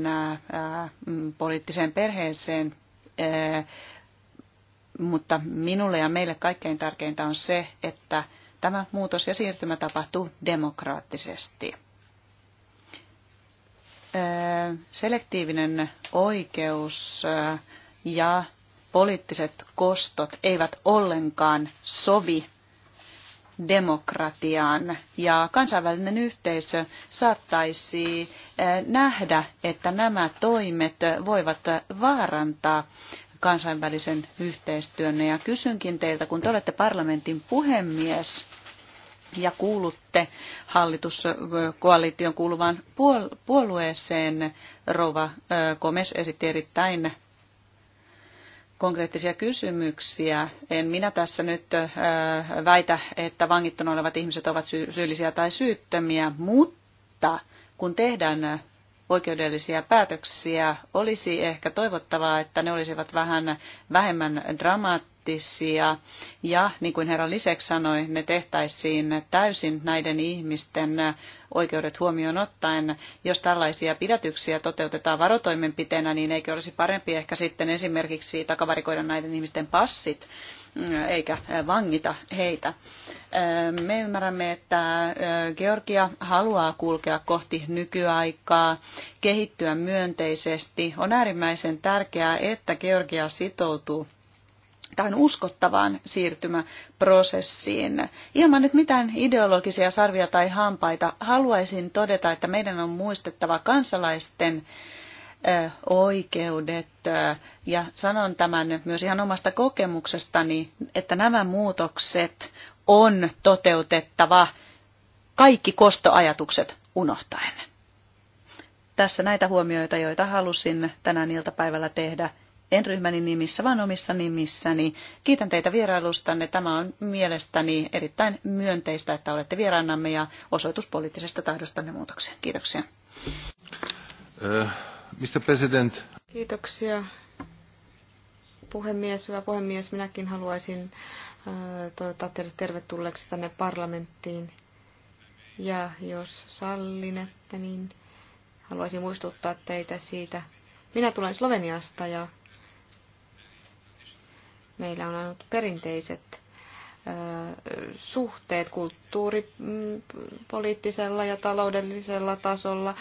mm, poliittiseen perheeseen. Mutta minulle ja meille kaikkein tärkeintä on se, että tämä muutos ja siirtymä tapahtuu demokraattisesti selektiivinen oikeus äh, ja poliittiset kostot eivät ollenkaan sovi demokratiaan ja kansainvälinen yhteisö saattaisi äh, nähdä, että nämä toimet voivat vaarantaa kansainvälisen yhteistyön. Ja kysynkin teiltä, kun te olette parlamentin puhemies, ja kuulutte hallituskoalition kuuluvaan puolueeseen. Rova Komes esitti erittäin konkreettisia kysymyksiä. En minä tässä nyt väitä, että vangittuna olevat ihmiset ovat syyllisiä tai syyttömiä, mutta kun tehdään oikeudellisia päätöksiä, olisi ehkä toivottavaa, että ne olisivat vähän vähemmän dramaattisia. Ja niin kuin herra Lisek sanoi, ne tehtäisiin täysin näiden ihmisten oikeudet huomioon ottaen. Jos tällaisia pidätyksiä toteutetaan varotoimenpiteenä, niin eikö olisi parempi ehkä sitten esimerkiksi takavarikoida näiden ihmisten passit eikä vangita heitä. Me ymmärrämme, että Georgia haluaa kulkea kohti nykyaikaa, kehittyä myönteisesti. On äärimmäisen tärkeää, että Georgia sitoutuu tähän uskottavaan siirtymäprosessiin. Ilman nyt mitään ideologisia sarvia tai hampaita haluaisin todeta, että meidän on muistettava kansalaisten oikeudet. Ja sanon tämän myös ihan omasta kokemuksestani, että nämä muutokset on toteutettava kaikki kostoajatukset unohtaen. Tässä näitä huomioita, joita halusin tänään iltapäivällä tehdä en ryhmäni nimissä, vaan omissa nimissäni. Kiitän teitä vierailustanne. Tämä on mielestäni erittäin myönteistä, että olette vieraannamme ja osoitus poliittisesta tahdostanne muutokseen. Kiitoksia. Äh. Mr. President. Kiitoksia puhemies. Hyvä puhemies, minäkin haluaisin toivottaa teidät tervetulleeksi tänne parlamenttiin. Ja jos sallinette, niin haluaisin muistuttaa teitä siitä. Minä tulen Sloveniasta ja meillä on ainut perinteiset suhteet kulttuuripoliittisella mm, ja taloudellisella tasolla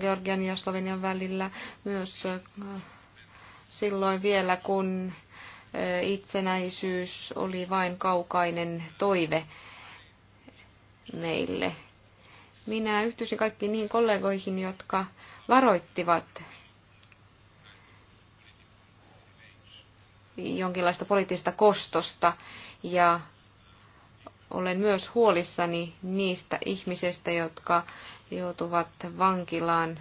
Georgian ja Slovenian välillä myös silloin vielä, kun itsenäisyys oli vain kaukainen toive meille. Minä yhtyisin kaikkiin niihin kollegoihin, jotka varoittivat jonkinlaista poliittista kostosta ja olen myös huolissani niistä ihmisistä, jotka joutuvat vankilaan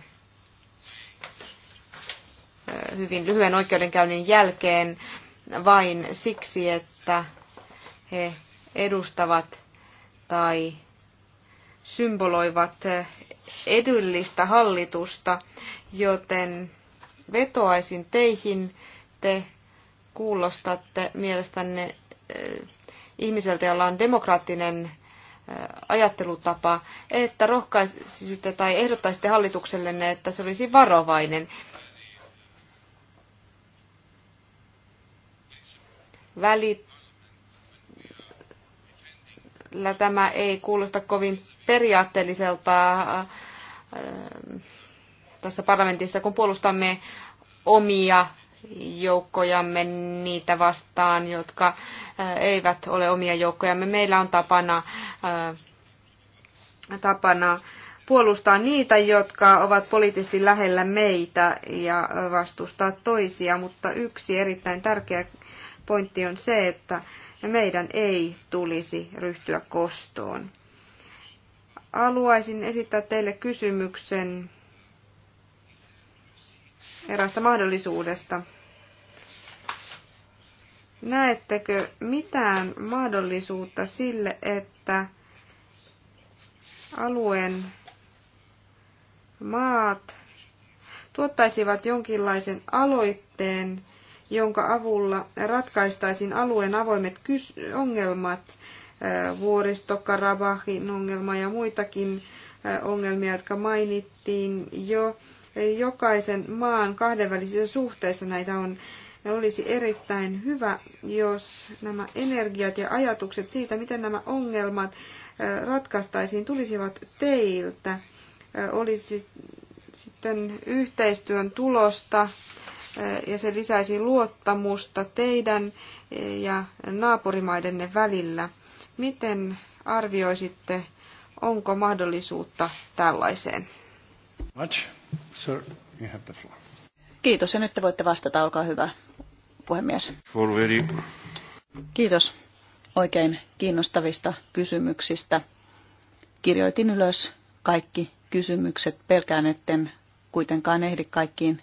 hyvin lyhyen oikeudenkäynnin jälkeen vain siksi, että he edustavat tai symboloivat edullista hallitusta, joten vetoaisin teihin, te kuulostatte mielestänne eh, ihmiseltä, jolla on demokraattinen eh, ajattelutapa, että rohkaisitte tai ehdottaisitte hallituksellenne, että se olisi varovainen. Välillä tämä ei kuulosta kovin periaatteelliselta eh, tässä parlamentissa, kun puolustamme omia joukkojamme niitä vastaan, jotka äh, eivät ole omia joukkojamme. Meillä on tapana, äh, tapana puolustaa niitä, jotka ovat poliittisesti lähellä meitä ja vastustaa toisia, mutta yksi erittäin tärkeä pointti on se, että meidän ei tulisi ryhtyä kostoon. Haluaisin esittää teille kysymyksen eräästä mahdollisuudesta. Näettekö mitään mahdollisuutta sille, että alueen maat tuottaisivat jonkinlaisen aloitteen, jonka avulla ratkaistaisiin alueen avoimet ongelmat, vuoristokarabahin ongelma ja muitakin ongelmia, jotka mainittiin jo, jokaisen maan kahdenvälisissä suhteissa näitä on. Ja olisi erittäin hyvä, jos nämä energiat ja ajatukset siitä, miten nämä ongelmat ratkaistaisiin, tulisivat teiltä. Olisi sitten yhteistyön tulosta ja se lisäisi luottamusta teidän ja naapurimaidenne välillä. Miten arvioisitte, onko mahdollisuutta tällaiseen? Much. Sir, you have the floor. Kiitos ja nyt te voitte vastata, olkaa hyvä puhemies. Kiitos oikein kiinnostavista kysymyksistä. Kirjoitin ylös kaikki kysymykset, pelkään etten kuitenkaan ehdi kaikkiin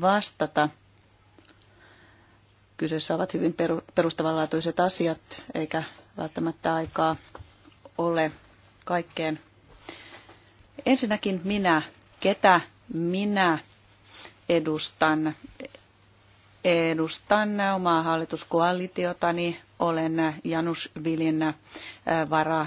vastata. Kyseessä ovat hyvin perustavanlaatuiset asiat, eikä välttämättä aikaa ole kaikkeen. Ensinnäkin minä ketä minä edustan. Edustan omaa hallituskoalitiotani. Olen Janus Vilin äh, vara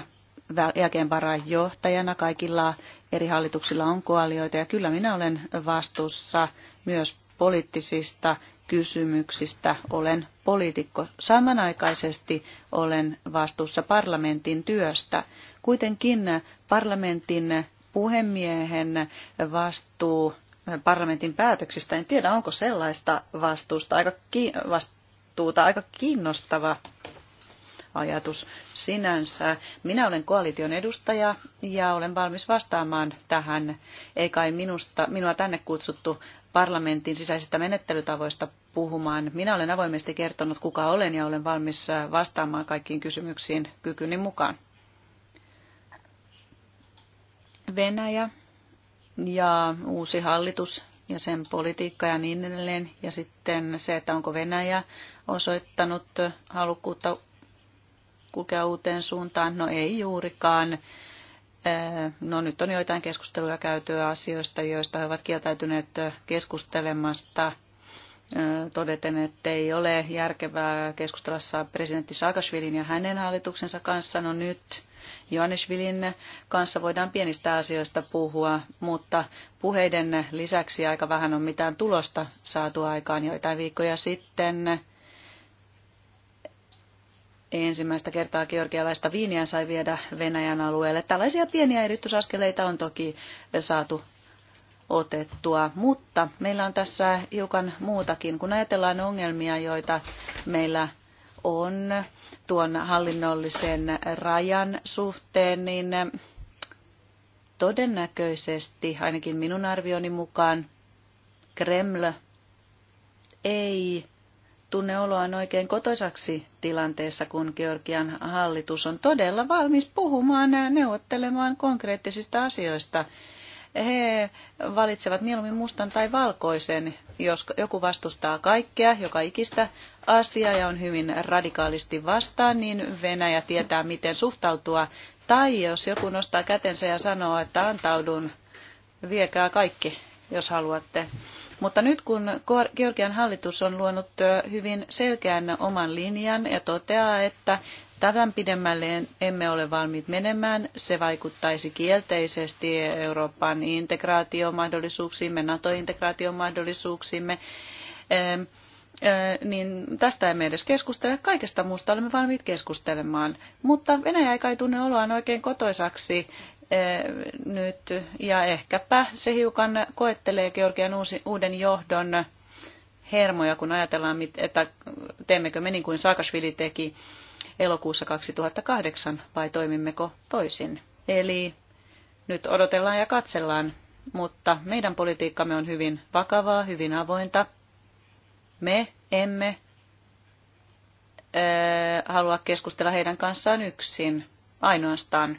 jälkeenvarajohtajana. Kaikilla eri hallituksilla on koalioita ja kyllä minä olen vastuussa myös poliittisista kysymyksistä. Olen poliitikko. Samanaikaisesti olen vastuussa parlamentin työstä. Kuitenkin parlamentin puhemiehen vastuu parlamentin päätöksistä. En tiedä, onko sellaista vastuusta aika ki- vastuuta aika kiinnostava ajatus sinänsä. Minä olen koalition edustaja ja olen valmis vastaamaan tähän. Ei kai minusta, minua tänne kutsuttu parlamentin sisäisistä menettelytavoista puhumaan. Minä olen avoimesti kertonut, kuka olen ja olen valmis vastaamaan kaikkiin kysymyksiin kykyni mukaan. Venäjä ja uusi hallitus ja sen politiikka ja niin edelleen. Ja sitten se, että onko Venäjä osoittanut halukkuutta kulkea uuteen suuntaan. No ei juurikaan. Äh, no nyt on joitain keskusteluja käytyä asioista, joista he ovat kieltäytyneet keskustelemasta äh, todeten, että ei ole järkevää keskustella presidentti Saakashvilin ja hänen hallituksensa kanssa. No nyt Joannesvilin kanssa voidaan pienistä asioista puhua, mutta puheiden lisäksi aika vähän on mitään tulosta saatu aikaan joitain viikkoja sitten. Ensimmäistä kertaa georgialaista viiniä sai viedä Venäjän alueelle. Tällaisia pieniä edistysaskeleita on toki saatu otettua, mutta meillä on tässä hiukan muutakin. Kun ajatellaan ongelmia, joita meillä on tuon hallinnollisen rajan suhteen, niin todennäköisesti, ainakin minun arvioni mukaan, Kreml ei tunne oloaan oikein kotoisaksi tilanteessa, kun Georgian hallitus on todella valmis puhumaan ja neuvottelemaan konkreettisista asioista he valitsevat mieluummin mustan tai valkoisen, jos joku vastustaa kaikkea, joka ikistä asiaa ja on hyvin radikaalisti vastaan, niin Venäjä tietää, miten suhtautua. Tai jos joku nostaa kätensä ja sanoo, että antaudun, viekää kaikki, jos haluatte. Mutta nyt kun Georgian hallitus on luonut hyvin selkeän oman linjan ja toteaa, että Tämän pidemmälle emme ole valmiit menemään. Se vaikuttaisi kielteisesti Euroopan integraatiomahdollisuuksiimme, NATO-integraatiomahdollisuuksiimme. Niin tästä emme edes keskustele. Kaikesta muusta olemme valmiit keskustelemaan. Mutta Venäjä ei kai tunne oloaan oikein kotoisaksi nyt, ja ehkäpä se hiukan koettelee Georgian uusi, uuden johdon hermoja, kun ajatellaan, että teemmekö me niin kuin Saakashvili teki elokuussa 2008 vai toimimmeko toisin? Eli nyt odotellaan ja katsellaan, mutta meidän politiikkamme on hyvin vakavaa, hyvin avointa. Me emme ö, äh, halua keskustella heidän kanssaan yksin, ainoastaan.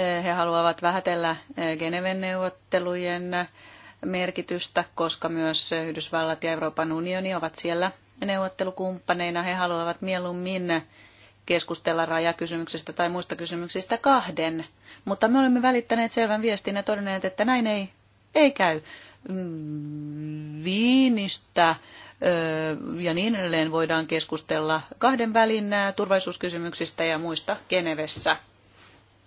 Äh, he haluavat vähätellä äh, Geneven neuvottelujen merkitystä, koska myös Yhdysvallat ja Euroopan unioni ovat siellä neuvottelukumppaneina. He haluavat mieluummin keskustella rajakysymyksistä tai muista kysymyksistä kahden. Mutta me olemme välittäneet selvän viestin ja todenneet, että näin ei, ei käy. Mm, Viinistä ja niin edelleen voidaan keskustella kahden välin turvallisuuskysymyksistä ja muista Genevessä.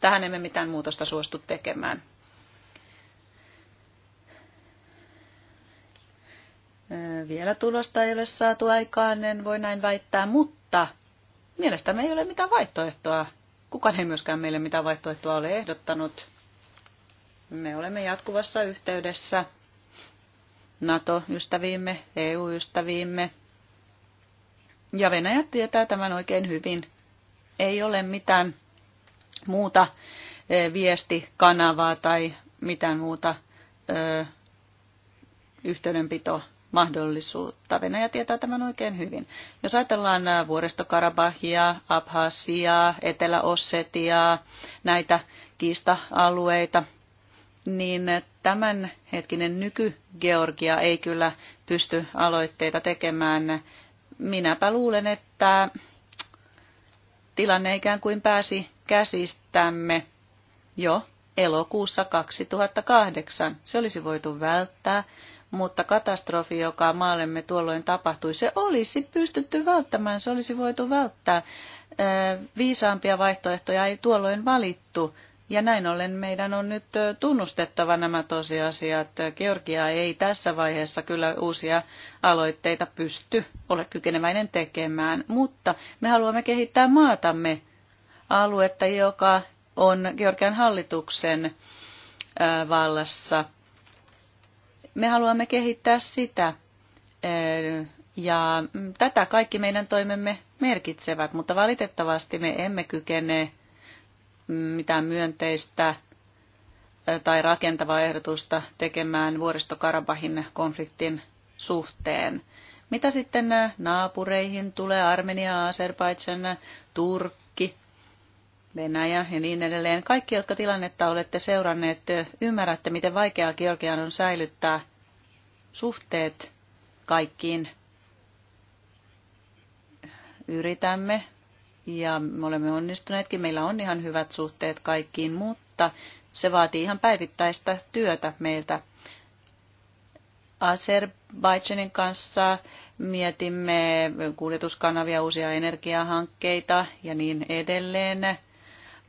Tähän emme mitään muutosta suostu tekemään. Vielä tulosta ei ole saatu aikaan, en voi näin väittää, mutta mielestämme ei ole mitään vaihtoehtoa. Kukaan ei myöskään meille mitään vaihtoehtoa ole ehdottanut. Me olemme jatkuvassa yhteydessä NATO-ystäviimme, EU-ystäviimme. Ja Venäjä tietää tämän oikein hyvin. Ei ole mitään muuta e, viestikanavaa tai mitään muuta ö, yhteydenpito mahdollisuutta. Venäjä tietää tämän oikein hyvin. Jos ajatellaan äh, vuoristokarabahia, Abhasiaa, Etelä-Ossetiaa, näitä kiista-alueita, niin tämän hetkinen nyky-Georgia ei kyllä pysty aloitteita tekemään. Minäpä luulen, että tilanne ikään kuin pääsi käsistämme jo elokuussa 2008. Se olisi voitu välttää, mutta katastrofi, joka maallemme tuolloin tapahtui, se olisi pystytty välttämään, se olisi voitu välttää. Viisaampia vaihtoehtoja ei tuolloin valittu, ja näin ollen meidän on nyt tunnustettava nämä tosiasiat. Georgia ei tässä vaiheessa kyllä uusia aloitteita pysty ole kykeneväinen tekemään, mutta me haluamme kehittää maatamme aluetta, joka on Georgian hallituksen vallassa. Me haluamme kehittää sitä ja tätä kaikki meidän toimemme merkitsevät, mutta valitettavasti me emme kykene mitään myönteistä tai rakentavaa ehdotusta tekemään vuoristokarabahin konfliktin suhteen. Mitä sitten naapureihin tulee, Armenia, Azerbaidžan, Turkki, Venäjä ja niin edelleen. Kaikki, jotka tilannetta olette seuranneet, ymmärrätte, miten vaikeaa Georgian on säilyttää suhteet kaikkiin. Yritämme ja me olemme onnistuneetkin. Meillä on ihan hyvät suhteet kaikkiin, mutta se vaatii ihan päivittäistä työtä meiltä. Azerbaidžanin kanssa mietimme kuljetuskanavia, uusia energiahankkeita ja niin edelleen.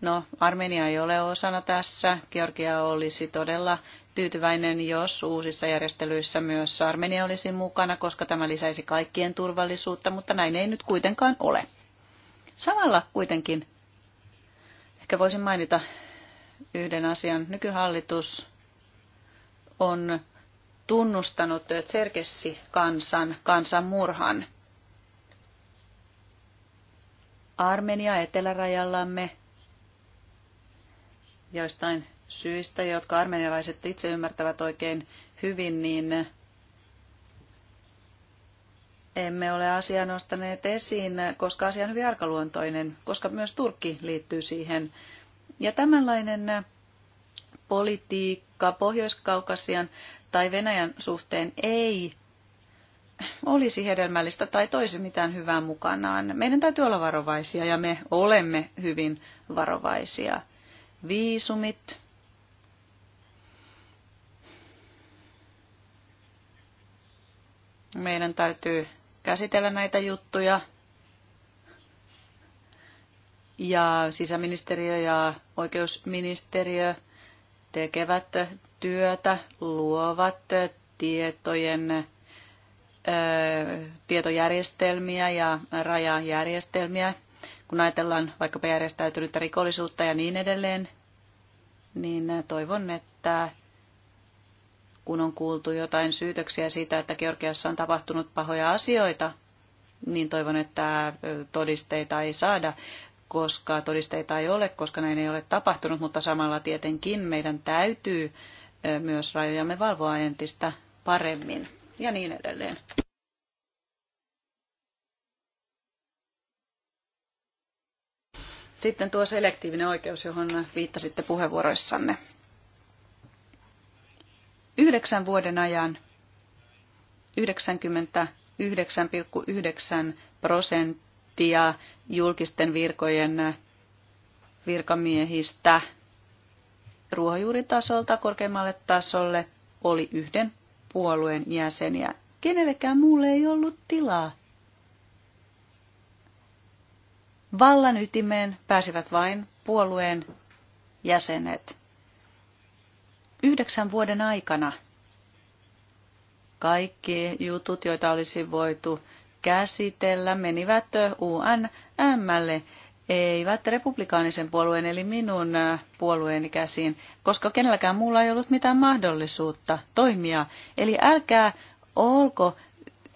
No, Armenia ei ole osana tässä. Georgia olisi todella tyytyväinen, jos uusissa järjestelyissä myös Armenia olisi mukana, koska tämä lisäisi kaikkien turvallisuutta, mutta näin ei nyt kuitenkaan ole. Samalla kuitenkin ehkä voisin mainita yhden asian. Nykyhallitus on tunnustanut Tserkessi kansan kansanmurhan. Armenia etelärajallamme joistain syistä, jotka armenialaiset itse ymmärtävät oikein hyvin, niin emme ole asiaa nostaneet esiin, koska asia on hyvin arkaluontoinen, koska myös Turkki liittyy siihen. Ja tämänlainen politiikka Pohjois-Kaukasian tai Venäjän suhteen ei olisi hedelmällistä tai toisi mitään hyvää mukanaan. Meidän täytyy olla varovaisia ja me olemme hyvin varovaisia viisumit. Meidän täytyy käsitellä näitä juttuja. Ja sisäministeriö ja oikeusministeriö tekevät työtä, luovat tietojen tietojärjestelmiä ja rajajärjestelmiä, kun ajatellaan vaikkapa järjestäytynyttä rikollisuutta ja niin edelleen, niin toivon, että kun on kuultu jotain syytöksiä siitä, että Georgiassa on tapahtunut pahoja asioita, niin toivon, että todisteita ei saada, koska todisteita ei ole, koska näin ei ole tapahtunut, mutta samalla tietenkin meidän täytyy myös rajojamme valvoa entistä paremmin ja niin edelleen. Sitten tuo selektiivinen oikeus, johon viittasitte puheenvuoroissanne. Yhdeksän vuoden ajan 99,9 prosenttia julkisten virkojen virkamiehistä ruohonjuuritasolta korkeammalle tasolle oli yhden puolueen jäseniä. Kenellekään muulle ei ollut tilaa Vallan ytimeen pääsivät vain puolueen jäsenet. Yhdeksän vuoden aikana kaikki jutut, joita olisi voitu käsitellä, menivät UNMlle, eivät republikaanisen puolueen eli minun puolueeni käsiin, koska kenelläkään muulla ei ollut mitään mahdollisuutta toimia. Eli älkää olko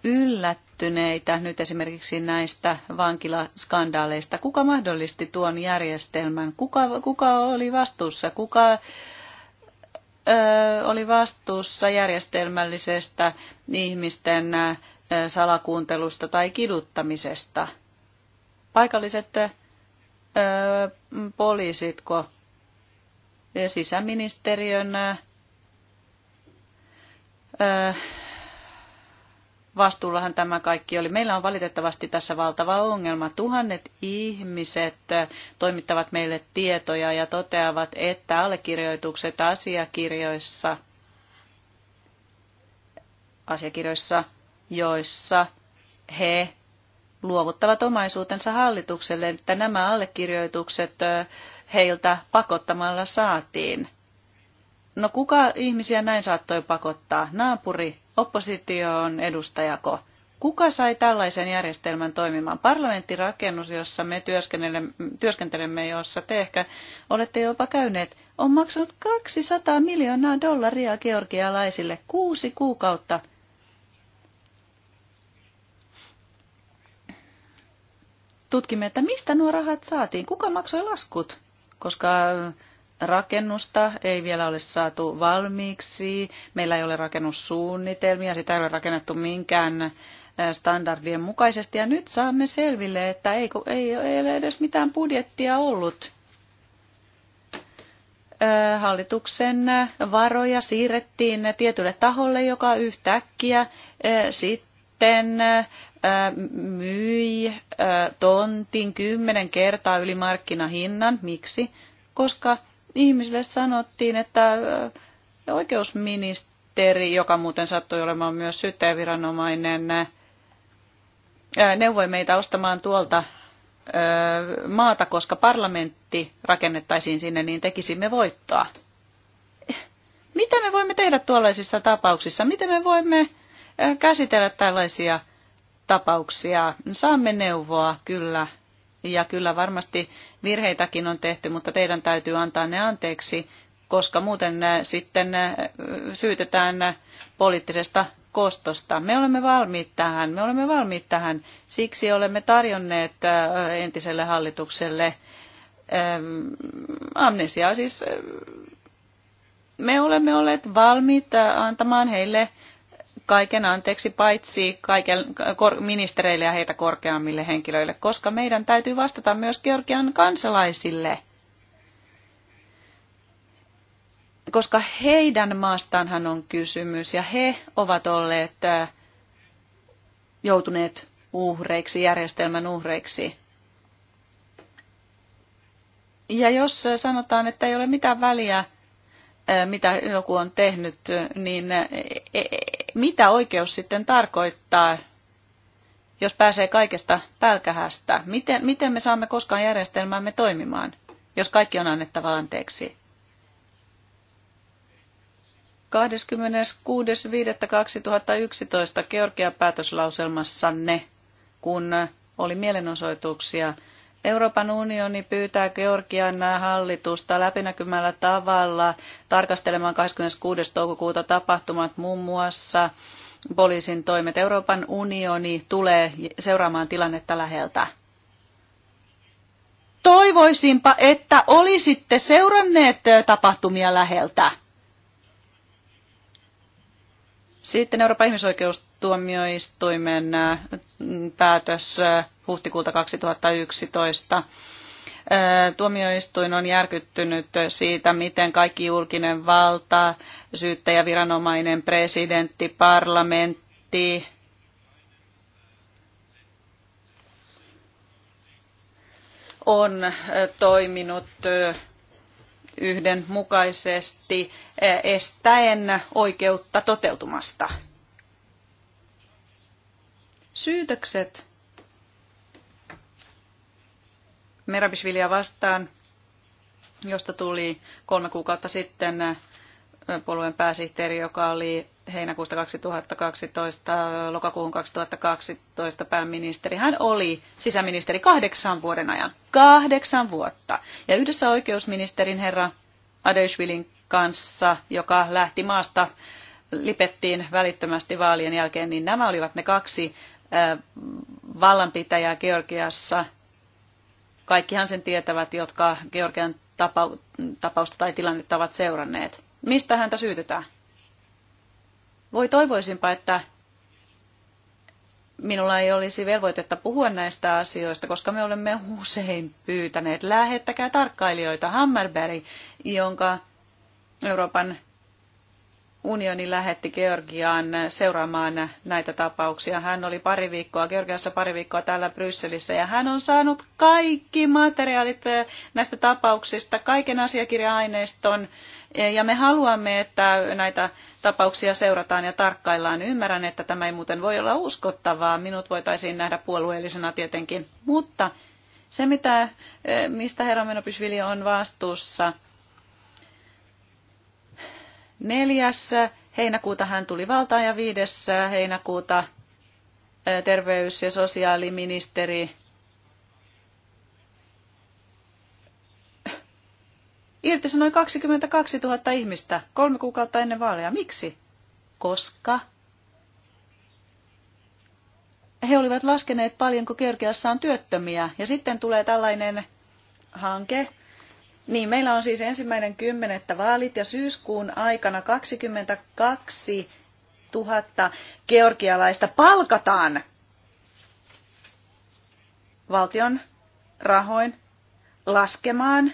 yllättyneitä pettyneitä nyt esimerkiksi näistä vankilaskandaaleista. Kuka mahdollisti tuon järjestelmän? Kuka, kuka oli vastuussa? Kuka ö, oli vastuussa järjestelmällisestä ihmisten ö, salakuuntelusta tai kiduttamisesta? Paikalliset ö, poliisitko? Sisäministeriön ö, vastuullahan tämä kaikki oli. Meillä on valitettavasti tässä valtava ongelma. Tuhannet ihmiset äh, toimittavat meille tietoja ja toteavat, että allekirjoitukset asiakirjoissa, asiakirjoissa joissa he luovuttavat omaisuutensa hallitukselle, että nämä allekirjoitukset äh, heiltä pakottamalla saatiin. No kuka ihmisiä näin saattoi pakottaa? Naapuri opposition edustajako. Kuka sai tällaisen järjestelmän toimimaan? Parlamenttirakennus, jossa me työskentelemme, työskentelemme, jossa te ehkä olette jopa käyneet, on maksanut 200 miljoonaa dollaria georgialaisille kuusi kuukautta. Tutkimme, että mistä nuo rahat saatiin, kuka maksoi laskut, koska rakennusta ei vielä ole saatu valmiiksi, meillä ei ole rakennussuunnitelmia, sitä ei ole rakennettu minkään standardien mukaisesti. Ja nyt saamme selville, että ei, ei, ei ole edes mitään budjettia ollut. Hallituksen varoja siirrettiin tietylle taholle, joka yhtäkkiä sitten myi tontin kymmenen kertaa yli markkinahinnan. Miksi? Koska ihmisille sanottiin, että oikeusministeri, joka muuten sattui olemaan myös syyttäjäviranomainen, neuvoi meitä ostamaan tuolta maata, koska parlamentti rakennettaisiin sinne, niin tekisimme voittoa. Mitä me voimme tehdä tuollaisissa tapauksissa? Miten me voimme käsitellä tällaisia tapauksia? Saamme neuvoa kyllä ja kyllä varmasti virheitäkin on tehty, mutta teidän täytyy antaa ne anteeksi, koska muuten äh, sitten äh, syytetään äh, poliittisesta kostosta. Me olemme valmiit tähän, me olemme valmiit tähän. Siksi olemme tarjonneet entiselle hallitukselle ähm, amnesiaa. Siis me olemme olleet valmiita antamaan heille kaiken anteeksi paitsi kaiken, ministereille ja heitä korkeammille henkilöille, koska meidän täytyy vastata myös Georgian kansalaisille. Koska heidän maastaanhan on kysymys ja he ovat olleet äh, joutuneet uhreiksi, järjestelmän uhreiksi. Ja jos sanotaan, että ei ole mitään väliä, äh, mitä joku on tehnyt, niin äh, e- e- mitä oikeus sitten tarkoittaa, jos pääsee kaikesta pälkähästä? Miten, miten me saamme koskaan järjestelmäämme toimimaan, jos kaikki on annettava anteeksi? 26.5.2011 Georgia päätöslauselmassanne, kun oli mielenosoituksia Euroopan unioni pyytää Georgian hallitusta läpinäkymällä tavalla tarkastelemaan 26. toukokuuta tapahtumat muun muassa poliisin toimet. Euroopan unioni tulee seuraamaan tilannetta läheltä. Toivoisinpa, että olisitte seuranneet tapahtumia läheltä. Sitten Euroopan ihmisoikeus tuomioistuimen päätös huhtikuuta 2011. Tuomioistuin on järkyttynyt siitä, miten kaikki julkinen valta, viranomainen, presidentti, parlamentti, on toiminut yhdenmukaisesti estäen oikeutta toteutumasta. Syytökset Merabishvilia vastaan, josta tuli kolme kuukautta sitten äh, puolueen pääsihteeri, joka oli heinäkuusta 2012 lokakuuhun 2012 pääministeri. Hän oli sisäministeri kahdeksan vuoden ajan. Kahdeksan vuotta. Ja yhdessä oikeusministerin herra Adeusvilin kanssa, joka lähti maasta, lipettiin välittömästi vaalien jälkeen, niin nämä olivat ne kaksi vallanpitäjää Georgiassa. Kaikkihan sen tietävät, jotka Georgian tapausta tai tilannetta ovat seuranneet. Mistä häntä syytetään? Voi toivoisinpa, että minulla ei olisi velvoitetta puhua näistä asioista, koska me olemme usein pyytäneet lähettäkää tarkkailijoita Hammerberg, jonka Euroopan unioni lähetti Georgiaan seuraamaan näitä tapauksia. Hän oli pari viikkoa Georgiassa, pari viikkoa täällä Brysselissä ja hän on saanut kaikki materiaalit eh, näistä tapauksista, kaiken asiakirja-aineiston ja me haluamme, että näitä tapauksia seurataan ja tarkkaillaan. Ymmärrän, että tämä ei muuten voi olla uskottavaa. Minut voitaisiin nähdä puolueellisena tietenkin, mutta se, mitä, eh, mistä herra Menopysvili on vastuussa – 4. heinäkuuta hän tuli valtaan ja 5. heinäkuuta terveys- ja sosiaaliministeri sanoi 22 000 ihmistä kolme kuukautta ennen vaaleja. Miksi? Koska he olivat laskeneet paljonko Georgiassa on työttömiä. Ja sitten tulee tällainen hanke, niin, meillä on siis ensimmäinen kymmenettä vaalit ja syyskuun aikana 22 000 georgialaista palkataan valtion rahoin laskemaan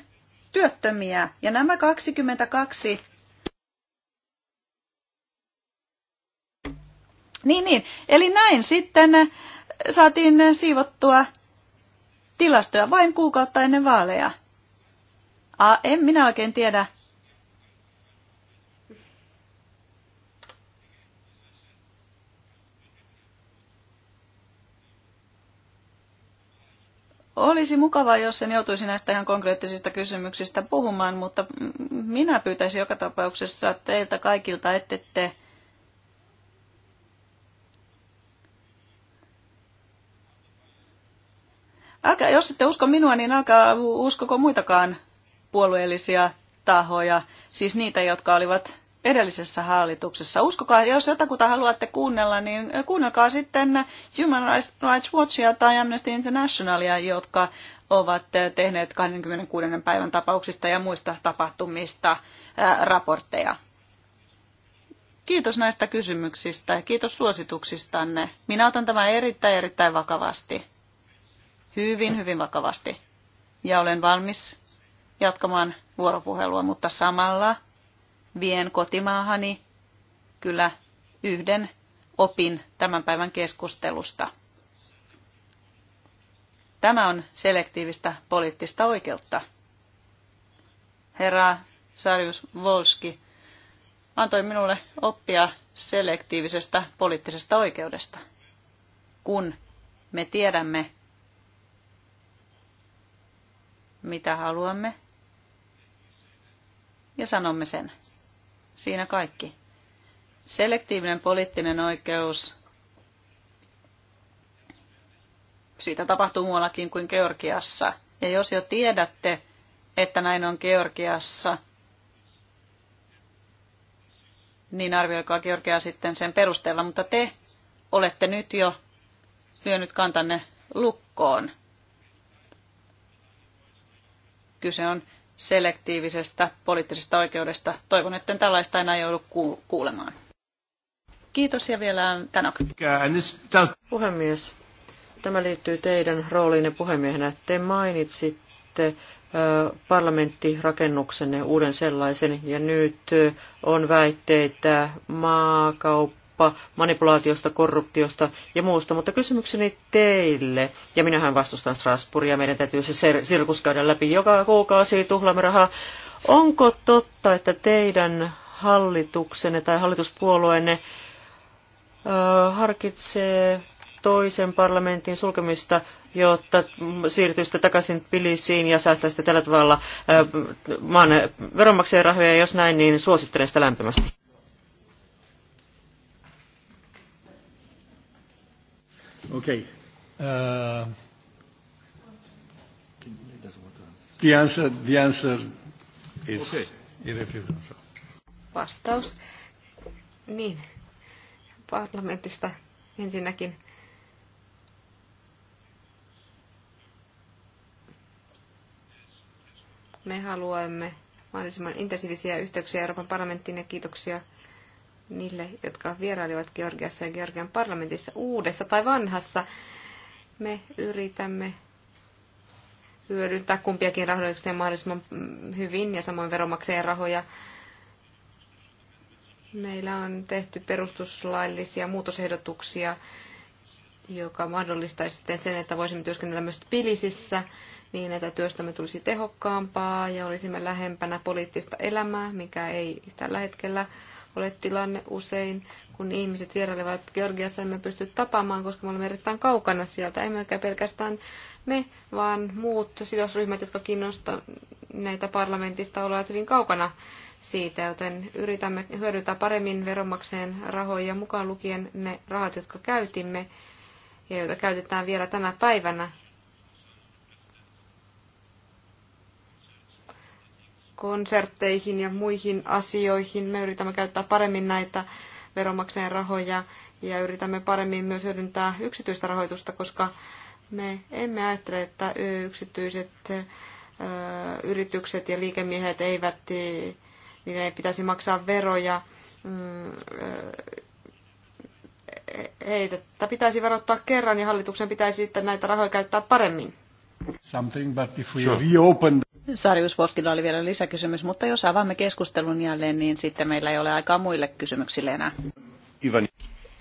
työttömiä. Ja nämä 22 Niin, niin. Eli näin sitten äh, saatiin siivottua tilastoja vain kuukautta ennen vaaleja. A, en minä oikein tiedä. Olisi mukavaa, jos en joutuisi näistä ihan konkreettisista kysymyksistä puhumaan, mutta minä pyytäisin joka tapauksessa teiltä kaikilta, ette te älkää, jos ette usko minua, niin älkää uskoko muitakaan puolueellisia tahoja, siis niitä, jotka olivat edellisessä hallituksessa. Uskokaa, jos jotakuta haluatte kuunnella, niin kuunnelkaa sitten Human Rights Watchia tai Amnesty Internationalia, jotka ovat tehneet 26. päivän tapauksista ja muista tapahtumista raportteja. Kiitos näistä kysymyksistä ja kiitos suosituksistanne. Minä otan tämän erittäin, erittäin vakavasti. Hyvin, hyvin vakavasti. Ja olen valmis jatkamaan vuoropuhelua, mutta samalla vien kotimaahani kyllä yhden opin tämän päivän keskustelusta. Tämä on selektiivistä poliittista oikeutta. Herra Sarjus Volski antoi minulle oppia selektiivisestä poliittisesta oikeudesta, kun me tiedämme, mitä haluamme ja sanomme sen. Siinä kaikki. Selektiivinen poliittinen oikeus, siitä tapahtuu muuallakin kuin Georgiassa. Ja jos jo tiedätte, että näin on Georgiassa, niin arvioikaa Georgiaa sitten sen perusteella, mutta te olette nyt jo lyönyt kantanne lukkoon. Kyse on selektiivisestä poliittisesta oikeudesta. Toivon, että en tällaista enää joudu kuulemaan. Kiitos ja vielä Tanok. Puhemies, tämä liittyy teidän rooliinne puhemiehenä. Te mainitsitte parlamenttirakennuksenne, uuden sellaisen, ja nyt on väitteitä maakauppa kauppa manipulaatiosta, korruptiosta ja muusta. Mutta kysymykseni teille, ja minähän vastustan Strasbourgia, meidän täytyy se sirkus käydä läpi joka kuukausi, tuhlaamme rahaa. Onko totta, että teidän hallituksenne tai hallituspuolueenne ö, harkitsee toisen parlamentin sulkemista, jotta siirtyisitte takaisin Pilisiin ja säästäisitte tällä tavalla maan veronmaksajien rahoja. Jos näin, niin suosittelen sitä lämpimästi. Okay. Uh, the answer, the answer is okay. irrefutable. Vastaus. Niin. Parlamentista ensinnäkin. Me haluamme mahdollisimman intensiivisiä yhteyksiä Euroopan parlamenttiin ja kiitoksia niille, jotka vierailivat Georgiassa ja Georgian parlamentissa uudessa tai vanhassa. Me yritämme hyödyntää kumpiakin rahoituksia mahdollisimman hyvin ja samoin veromaksajien rahoja. Meillä on tehty perustuslaillisia muutosehdotuksia, joka mahdollistaisi sitten sen, että voisimme työskennellä myös Pilisissä niin, että työstämme tulisi tehokkaampaa ja olisimme lähempänä poliittista elämää, mikä ei tällä hetkellä ole tilanne usein, kun ihmiset vierailevat Georgiassa, emme pysty tapaamaan, koska me olemme erittäin kaukana sieltä, emmekä pelkästään me, vaan muut sidosryhmät, jotka kiinnostavat näitä parlamentista, ovat hyvin kaukana siitä, joten yritämme hyödyntää paremmin veronmaksajien rahoja mukaan lukien ne rahat, jotka käytimme ja joita käytetään vielä tänä päivänä konserteihin ja muihin asioihin. Me yritämme käyttää paremmin näitä veronmaksajien rahoja ja yritämme paremmin myös hyödyntää yksityistä rahoitusta, koska me emme ajattele, että yksityiset yritykset ja liikemiehet eivät, niin ei pitäisi maksaa veroja. Heitä mm, pitäisi verottaa kerran ja hallituksen pitäisi sitten näitä rahoja käyttää paremmin. Something, but if we sure. reopen... Sarjus Voskilla oli vielä lisäkysymys, mutta jos avaamme keskustelun jälleen, niin sitten meillä ei ole aikaa muille kysymyksille enää. Ivan.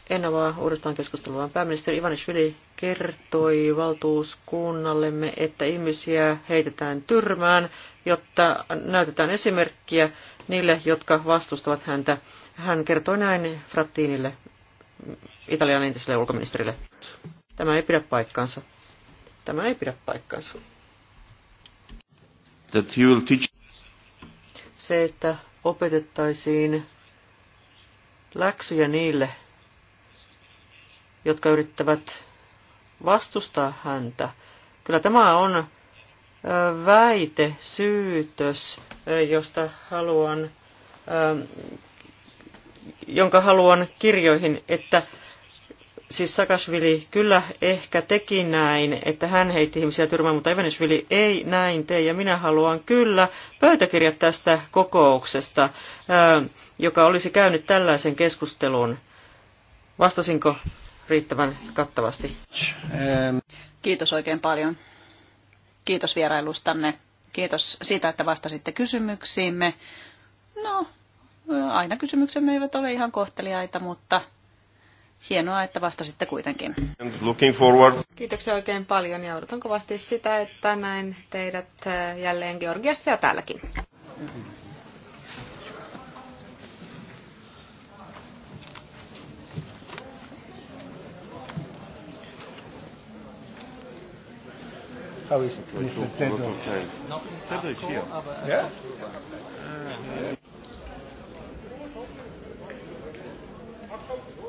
En avaa uudestaan keskustelua. Pääministeri Ivanishvili kertoi valtuuskunnallemme, että ihmisiä heitetään tyrmään, jotta näytetään esimerkkiä niille, jotka vastustavat häntä. Hän kertoi näin Frattiinille, Italian entiselle ulkoministerille. Tämä ei pidä paikkaansa. Tämä ei pidä paikkaansa that you will teach... Se, että opetettaisiin läksyjä niille, jotka yrittävät vastustaa häntä. Kyllä tämä on väite, syytös, josta haluan, jonka haluan kirjoihin, että siis Sakasvili kyllä ehkä teki näin, että hän heitti ihmisiä tyrmään, mutta Ivanishvili ei näin tee, ja minä haluan kyllä pöytäkirjat tästä kokouksesta, joka olisi käynyt tällaisen keskustelun. Vastasinko riittävän kattavasti? Ähm. Kiitos oikein paljon. Kiitos vierailustanne. Kiitos siitä, että vastasitte kysymyksiimme. No, aina kysymyksemme eivät ole ihan kohteliaita, mutta Hienoa, että vastasitte kuitenkin. Kiitoksia oikein paljon ja odotan kovasti sitä, että näin teidät eh, jälleen Georgiassa ja täälläkin. How is it? Mr. Tedros. is here. Yeah? Uh, yeah. Uh,